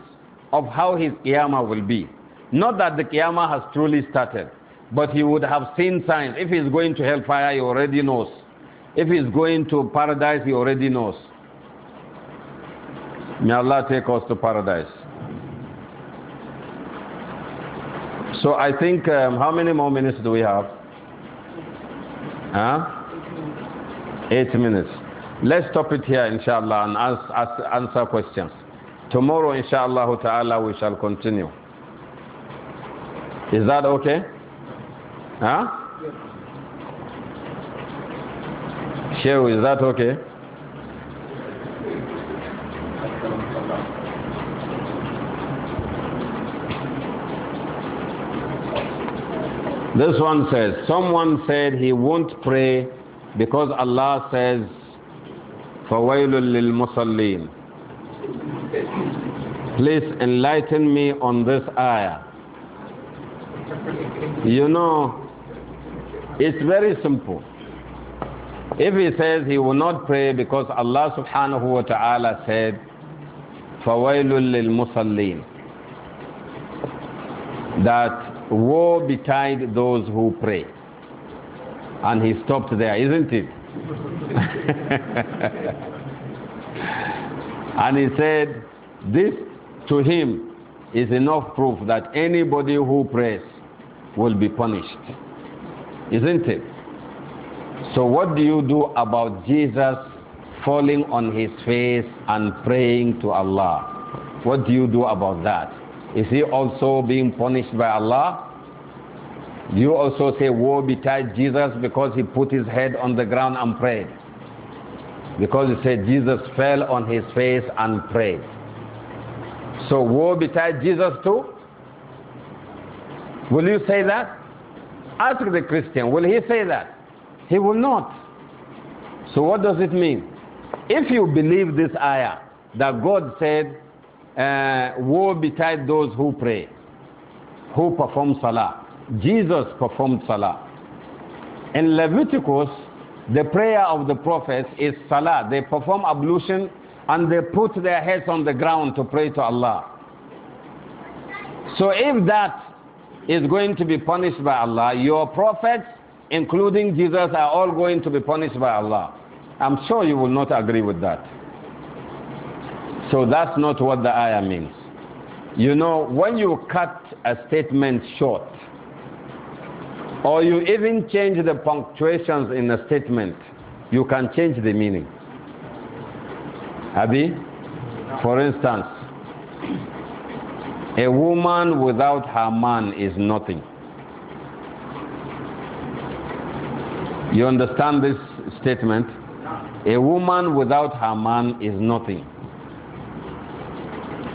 of how his qiyamah will be. Not that the qiyamah has truly started, but he would have seen signs. If he's going to hellfire, he already knows. If he's going to paradise, he already knows. May Allah take us to paradise. So I think, um, how many more minutes do we have? Huh? Eight minutes. Let's stop it here, inshallah, and ask, ask, answer questions. Tomorrow, inshallah ta'ala, we shall continue. Is that okay? Huh? Shehu, is that okay? This one says, someone said he won't pray because Allah says, فَوَيْلٌ لِلْمُصَلِّينَ Please enlighten me on this ayah.
You know,
it's very simple. If he says he will not pray because Allah subhanahu wa ta'ala said, فَوَيْلٌ لِلْمُصَلِّينَ That woe betide those who pray. And he stopped there, isn't it? and he said, this to him is enough proof that anybody who prays will be punished. Isn't it? So, what do you do about Jesus falling on his face and praying to Allah? What do you do about that? Is he also being punished by Allah? Do you also say, Woe betide Jesus because he put his head on the ground and prayed? Because you said Jesus fell on his face and prayed. So, woe betide Jesus too? Will you say that? Ask the Christian, will he say that? He will not. So what does it mean? If you believe this ayah that God said, uh, woe betide those who pray, who perform salah. Jesus performed salah. In Leviticus, the prayer of the prophets is salah. They perform ablution and they put their heads on the ground to pray to Allah. So if that is going to be punished by Allah, your prophets including Jesus, are all going to be punished by Allah. I'm sure you will not agree with that. So that's not what the ayah means. You know, when you cut a statement short, or you even change the punctuations in a statement, you can change the meaning. Abi, for instance, a woman without her man is nothing. You understand this statement? A woman without her man is nothing.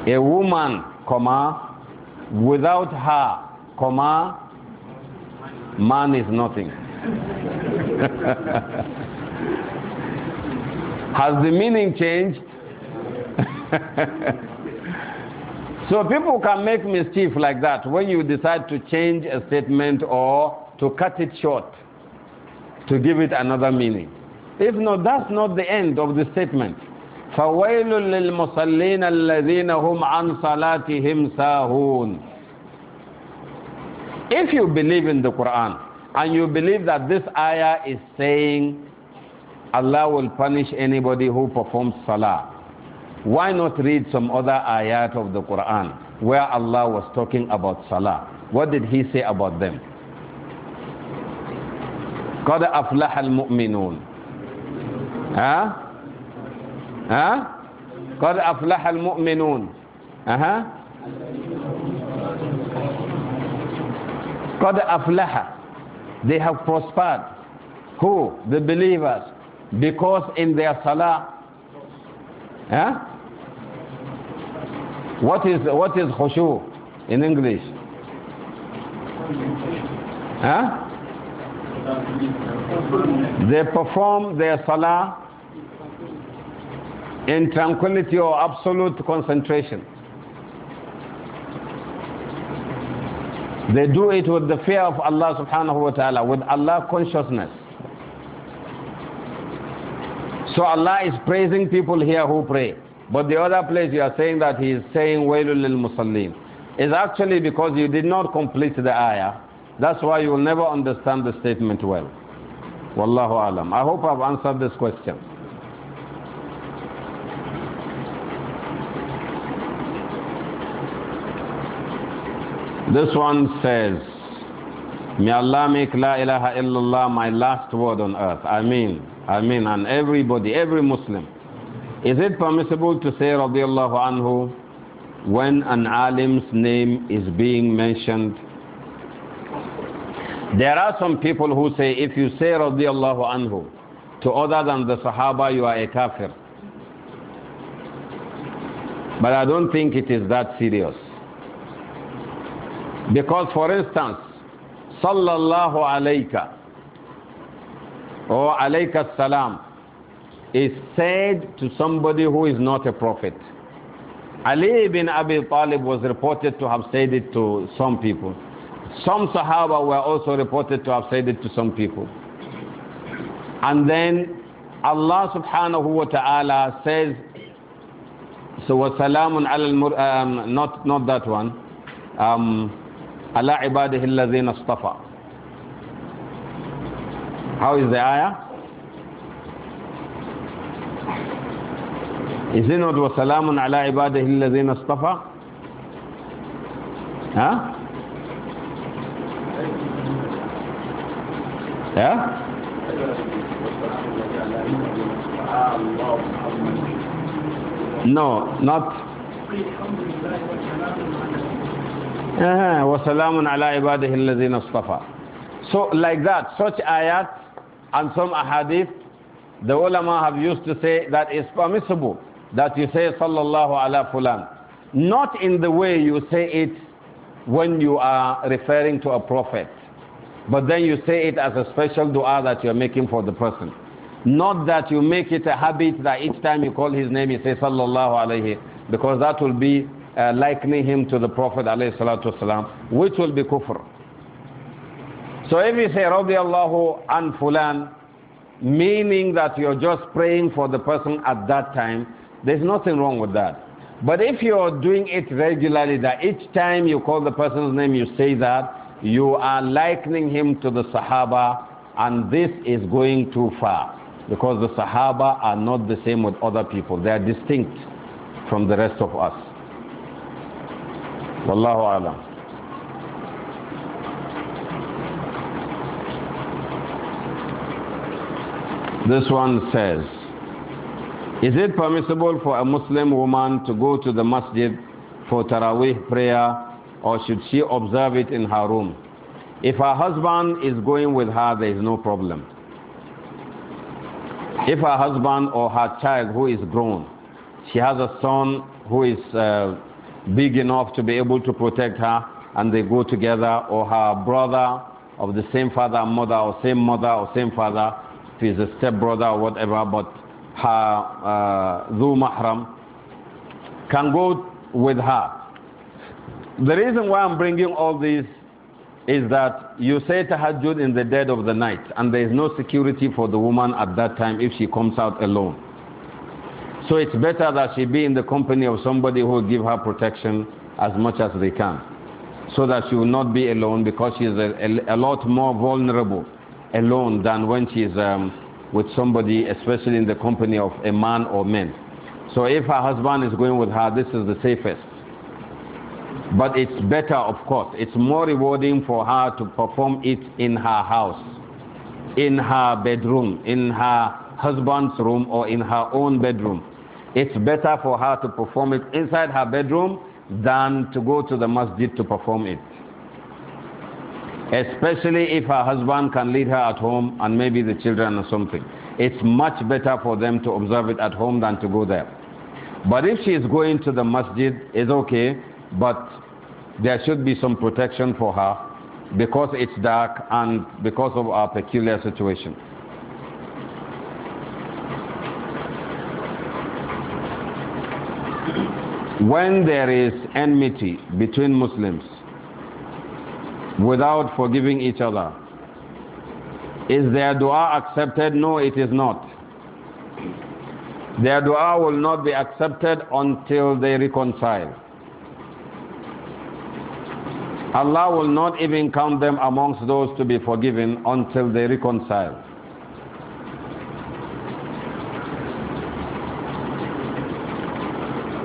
A woman, comma, without her, comma, man is nothing. Has the meaning changed? so people can make mischief like that when you decide to change a statement or to cut it short to give it another meaning. If not, that's not the end of the statement. فَوَيْلٌ لِلْمُصَلِّينَ الَّذِينَ هُمْ عَنْ صَلَاتِهِمْ سَاهُونَ If you believe in the Quran and you believe that this ayah is saying Allah will punish anybody who performs salah, why not read some other ayat of the Quran where Allah was talking about salah? What did He say about them? قد أفلح المؤمنون ها ها قد أفلح المؤمنون أها قد أفلح they have prospered who the believers because in their salah huh? what is what is khushu in English huh? They perform their salah in tranquility or absolute concentration. They do it with the fear of Allah subhanahu wa ta'ala, with Allah consciousness. So Allah is praising people here who pray. But the other place you are saying that He is saying Wailul lil is actually because you did not complete the ayah. That's why you will never understand the statement well. Wallahu alam. I hope I've answered this question. This one says, May Allah make La ilaha illallah my last word on earth. I mean, I mean, and everybody, every Muslim. Is it permissible to say radiallahu anhu when an alim's name is being mentioned there are some people who say if you say radiallahu anhu to other than the Sahaba, you are a kafir. But I don't think it is that serious. Because, for instance, sallallahu alayka or alayka salam is said to somebody who is not a prophet. Ali ibn Abi Talib was reported to have said it to some people. Some Sahaba were also reported to have said it to some people. And then Allah subhanahu wa ta'ala says, so wasalamun al um, not not that one. Um ala ibadihi alladhina How is the ayah? Is it not wasalamun ala ibadihi alladhina istafa? Huh? Yeah? No, not. وَسَلَامٌ عَلَىٰ عِبَادِهِ الَّذِينَ اصْطَفَىٰ So like that, such ayat and some ahadith, the ulama have used to say that it's permissible that you say sallallahu ala fulan. Not in the way you say it when you are referring to a prophet. But then you say it as a special dua that you're making for the person. Not that you make it a habit that each time you call his name you say sallallahu alayhi, because that will be uh, likening him to the Prophet alayhi salatu wasalam, which will be kufr. So if you say radiallahu an fulan, meaning that you're just praying for the person at that time, there's nothing wrong with that. But if you're doing it regularly, that each time you call the person's name, you say that, you are likening him to the Sahaba, and this is going too far because the Sahaba are not the same with other people. They are distinct from the rest of us. Wallahu alam. This one says, Is it permissible for a Muslim woman to go to the masjid for Taraweeh prayer or should she observe it in her room? If her husband is going with her, there is no problem. If her husband or her child who is grown, she has a son who is uh, big enough to be able to protect her, and they go together, or her brother of the same father and mother, or same mother or same father, if he's a stepbrother or whatever, but her uh, mahram can go with her the reason why I'm bringing all this is that you say tahajjud in the dead of the night and there is no security for the woman at that time if she comes out alone. So it's better that she be in the company of somebody who will give her protection as much as they can so that she will not be alone because she is a, a, a lot more vulnerable alone than when she is um, with somebody, especially in the company of a man or men. So if her husband is going with her, this is the safest. But it's better, of course. It's more rewarding for her to perform it in her house, in her bedroom, in her husband's room, or in her own bedroom. It's better for her to perform it inside her bedroom than to go to the masjid to perform it. Especially if her husband can lead her at home and maybe the children or something. It's much better for them to observe it at home than to go there. But if she is going to the masjid, it's okay but there should be some protection for her because it's dark and because of our peculiar situation. When there is enmity between Muslims without forgiving each other, is their dua accepted? No, it is not. Their dua will not be accepted until they reconcile. Allah will not even count them amongst those to be forgiven until they reconcile.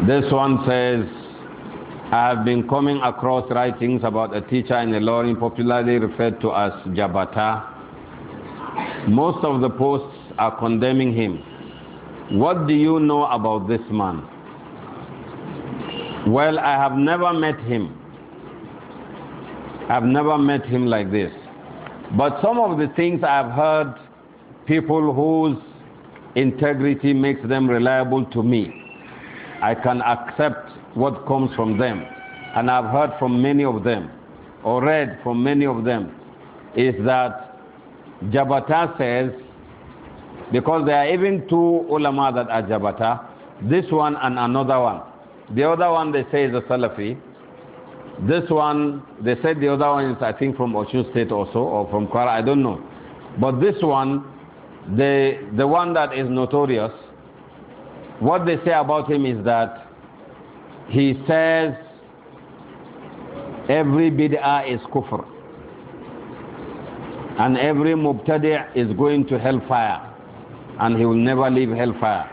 This one says, I have been coming across writings about a teacher in Ilorin popularly referred to as Jabata. Most of the posts are condemning him. What do you know about this man? Well, I have never met him I've never met him like this. But some of the things I've heard people whose integrity makes them reliable to me. I can accept what comes from them. And I've heard from many of them, or read from many of them, is that Jabata says, because there are even two ulama that are Jabata, this one and another one. The other one they say is a Salafi, this one, they said the other one is, I think, from Osho State also, or from Kwara, I don't know. But this one, the, the one that is notorious, what they say about him is that he says every bid'ah is kufr and every mubtadi' is going to hellfire and he will never leave hellfire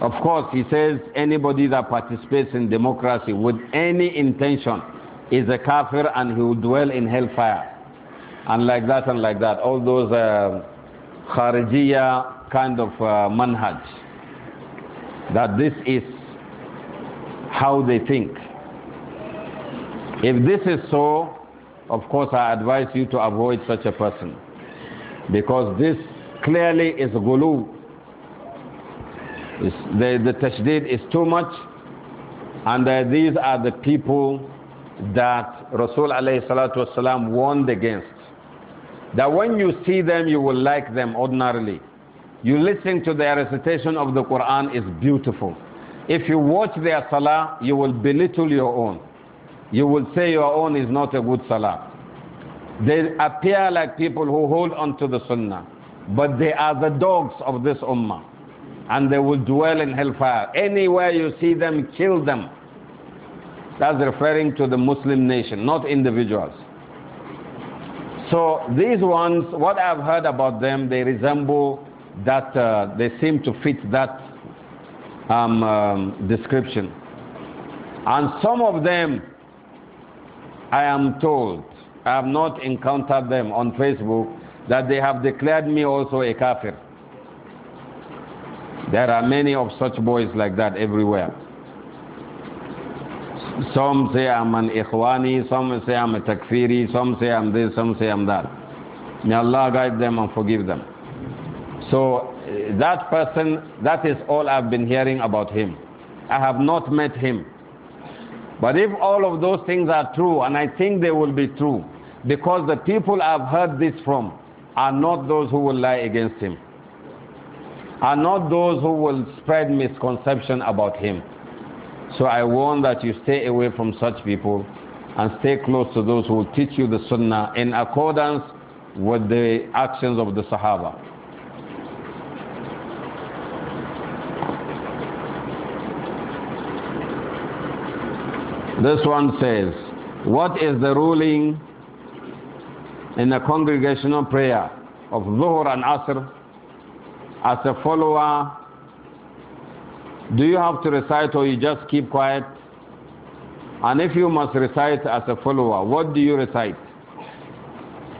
of course, he says anybody that participates in democracy with any intention is a kafir and he will dwell in hellfire. And like that and like that. All those uh, kind of uh, manhaj. That this is how they think. If this is so, of course, I advise you to avoid such a person. Because this clearly is gulu the, the is too much. And uh, these are the people that Rasul والسلام, warned against. That when you see them, you will like them ordinarily. You listen to their recitation of the Quran is beautiful. If you watch their salah, you will belittle your own. You will say your own is not a good salah. They appear like people who hold on to the sunnah, but they are the dogs of this ummah and they will dwell in hellfire. Anywhere you see them, kill them. That's referring to the Muslim nation, not individuals. So these ones, what I've heard about them, they resemble that, uh, they seem to fit that um, um, description. And some of them, I am told, I have not encountered them on Facebook, that they have declared me also a kafir. There are many of such boys like that everywhere. Some say I'm an Ikhwani, some say I'm a Takfiri, some say I'm this, some say I'm that. May Allah guide them and forgive them. So uh, that person, that is all I've been hearing about him. I have not met him. But if all of those things are true, and I think they will be true, because the people I've heard this from are not those who will lie against him are not those who will spread misconception about him. So I warn that you stay away from such people and stay close to those who will teach you the Sunnah in accordance with the actions of the Sahaba. This one says, What is the ruling in the congregational prayer of Dhuhr and Asr as a follower, do you have to recite or you just keep quiet? And if you must recite as a follower, what do you recite?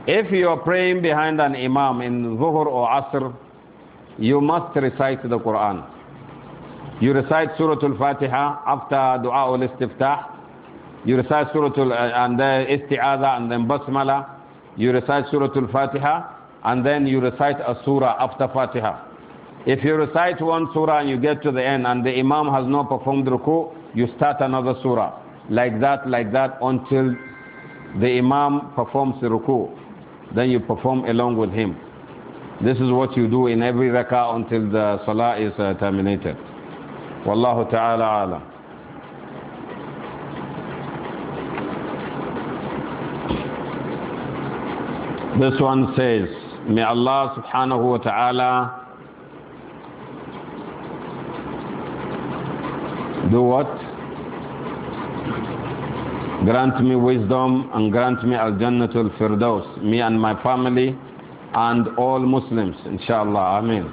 If you are praying behind an imam in Zuhr or Asr, you must recite the Quran. You recite Surah Al-Fatiha after Dua al-Istiftah. You recite Surah al uh, and then Isti'adha and then Basmala. You recite Surah Al-Fatiha and then you recite a Surah after Fatiha. If you recite one surah and you get to the end and the imam has not performed ruku, you start another surah. Like that, like that, until the imam performs the ruku. Then you perform along with him. This is what you do in every rak'ah until the salah is uh, terminated. Wallahu ta'ala alam. This one says, May Allah subhanahu wa ta'ala Do what? Grant me wisdom and grant me Al Jannatul Firdaus, me and my family and all Muslims, inshallah. Amen.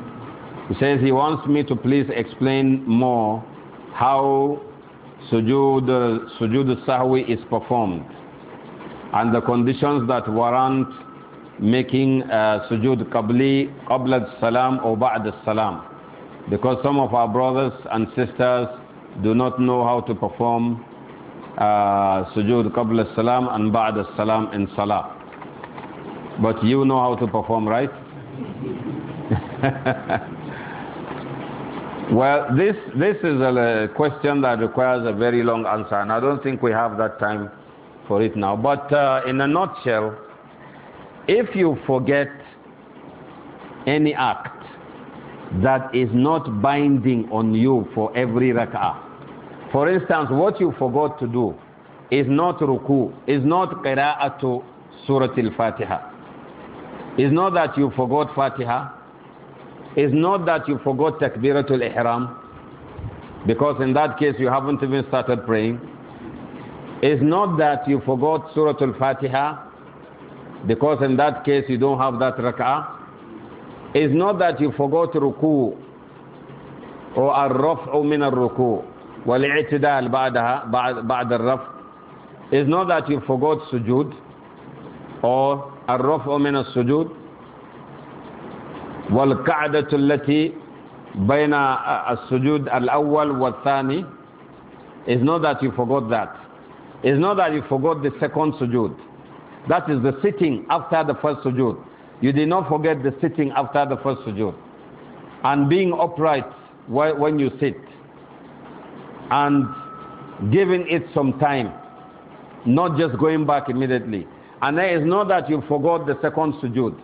He says he wants me to please explain more how sujood, sujood sahwi is performed and the conditions that warrant making uh, sujood qabli, qabla salam or ba'd salam. Because some of our brothers and sisters do not know how to perform uh, sujood qabla salam and ba'da salam in salah. But you know how to perform, right? well, this, this is a, question that requires a very long answer, and I don't think we have that time for it now. But uh, in a nutshell, if you forget any act that is not binding on you for every rak'ah, for instance, what you forgot to do is not ruku, is not qira'atu surat al-Fatiha. It's not that you forgot Fatiha. It's not that you forgot takbiratul ihram. Because in that case, you haven't even started praying. It's not that you forgot surat Al Fatiha, because in that case you don't have that rak'ah. It's not that you forgot ruku or al raf'u min al ruku, والاعتدال بعدها بعد, الرفع is not that you forgot sujood or الرفع من السجود والقعدة التي بين السجود الأول والثاني is not that you forgot that it's not that you forgot the second sujood that is the sitting after the first sujood you did not forget the sitting after the first sujood and being upright when you sit and giving it some time, not just going back immediately. And there is not that you forgot the second sujood.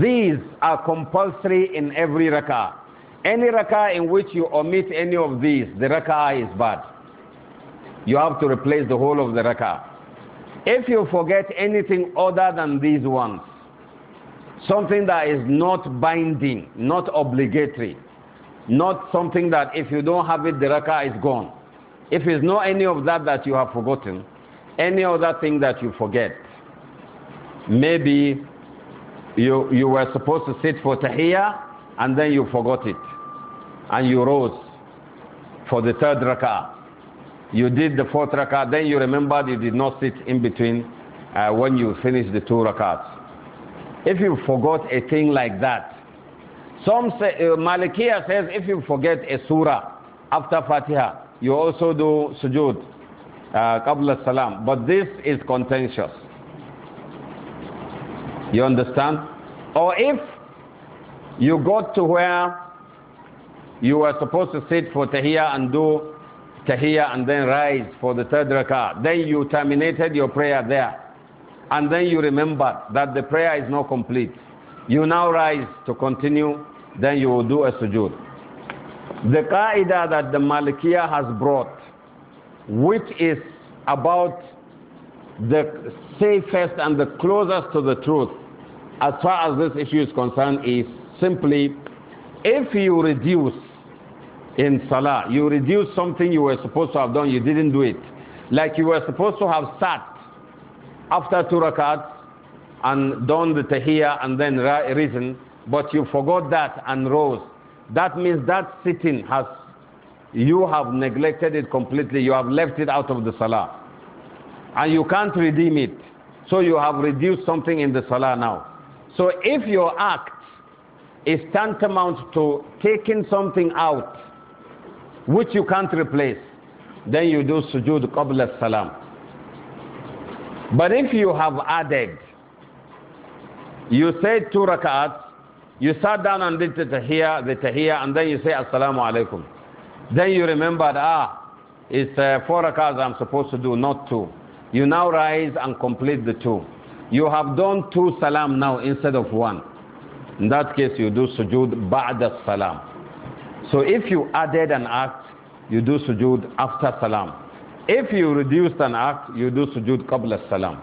These are compulsory in every rak'ah. Any rak'ah in which you omit any of these, the rak'ah is bad. You have to replace the whole of the rak'ah. If you forget anything other than these ones, something that is not binding, not obligatory, not something that if you don't have it, the rak'ah is gone. If it's not any of that that you have forgotten, any other thing that you forget, maybe you, you were supposed to sit for tahiyyah and then you forgot it and you rose for the third rak'ah. You did the fourth rak'ah, then you remembered you did not sit in between uh, when you finished the two rak'ahs. If you forgot a thing like that, some say, uh, Malikiya says if you forget a surah after Fatiha, you also do sujood, uh, Salam. But this is contentious. You understand? Or if you got to where you were supposed to sit for Tahiyya and do Tahiyya and then rise for the third rakah, then you terminated your prayer there. And then you remember that the prayer is not complete. You now rise to continue then you will do a sujood. The qaida that the Malikiya has brought, which is about the safest and the closest to the truth as far as this issue is concerned, is simply if you reduce in salah, you reduce something you were supposed to have done, you didn't do it. Like you were supposed to have sat after two rakats and done the tahiyah and then risen, but you forgot that and rose. That means that sitting has, you have neglected it completely. You have left it out of the salah. And you can't redeem it. So you have reduced something in the salah now. So if your act is tantamount to taking something out, which you can't replace, then you do sujood qabla salam. But if you have added, you said two rak'ats, you sat down and did the tahiyya, the tahiyah, and then you say assalamu alaikum. Then you remembered, ah, it's uh, four rakas I'm supposed to do, not two. You now rise and complete the two. You have done two salam now instead of one. In that case, you do sujood ba'da salam. So if you added an act, you do sujood after salam. If you reduced an act, you do sujood qabla salam.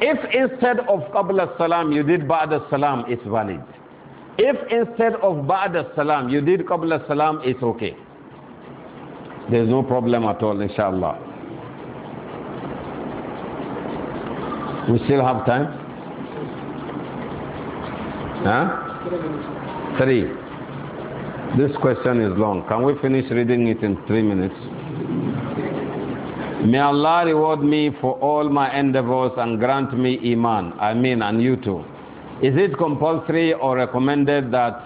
If instead of qabla salam, you did ba'da salam, it's valid. If instead of Ba'da salam, you did Qabla salam, it's okay. There's no problem at all, inshallah. We still have time?
Huh?
Three. This question is long. Can we finish reading it in three minutes? May Allah reward me for all my endeavors and grant me Iman. I mean, and you too. Is it compulsory or recommended that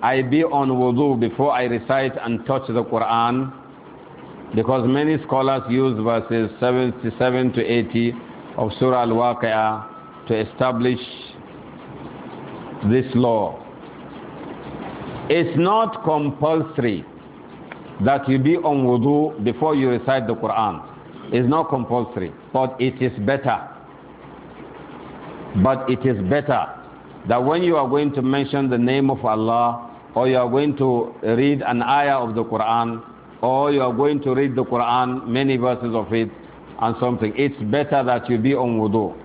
I be on wudu before I recite and touch the Quran? Because many scholars use verses 77 to 80 of Surah Al-Waqi'ah to establish this law. It's not compulsory that you be on wudu before you recite the Quran. It's not compulsory, but it is better. But it is better that when you are going to mention the name of Allah, or you are going to read an ayah of the Quran, or you are going to read the Quran, many verses of it, and something, it's better that you be on wudu.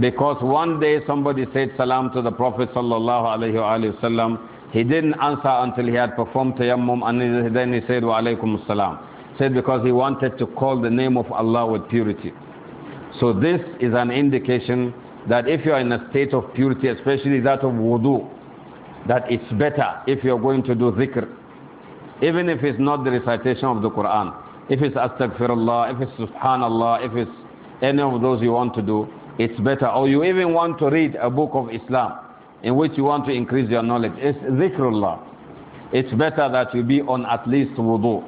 Because one day somebody said salam to the Prophet sallallahu alaihi wasallam. He didn't answer until he had performed tayammum, and then he said wa alaykum salam. Said because he wanted to call the name of Allah with purity. So this is an indication that if you are in a state of purity, especially that of wudu, that it's better if you're going to do dhikr, even if it's not the recitation of the Quran, if it's astaghfirullah, if it's subhanallah, if it's any of those you want to do, it's better. Or you even want to read a book of Islam in which you want to increase your knowledge, it's dhikrullah. It's better that you be on at least wudu.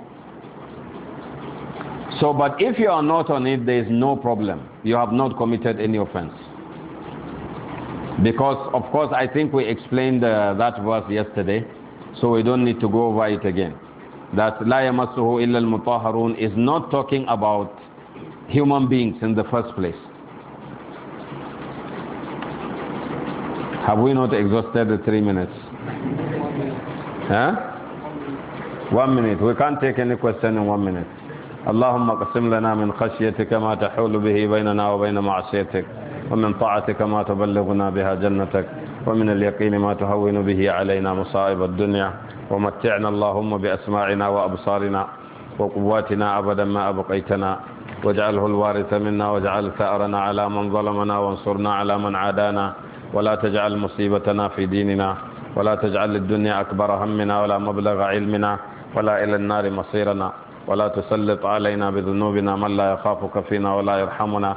So, but if you are not on it, there is no problem. You have not committed any offense. Because, of course, I think we explained uh, that verse yesterday, so we don't need to go over it again. That لا يمسه إلا المطهرون is not talking about human beings in the first place. Have we not exhausted the three minutes? Huh? One minute. We can't take any question in one minute. اللهم اقسم لنا من خشيتك ما تحول به بيننا وبين معصيتك ومن طاعتك ما تبلغنا بها جنتك ومن اليقين ما تهون به علينا مصائب الدنيا ومتعنا اللهم بأسماعنا وأبصارنا وقواتنا أبدا ما أبقيتنا واجعله الوارث منا واجعل ثأرنا على من ظلمنا وانصرنا على من عادانا ولا تجعل مصيبتنا في ديننا ولا تجعل الدنيا أكبر همنا ولا مبلغ علمنا ولا إلى النار مصيرنا ولا تسلط علينا بذنوبنا من لا يخافك فينا ولا يرحمنا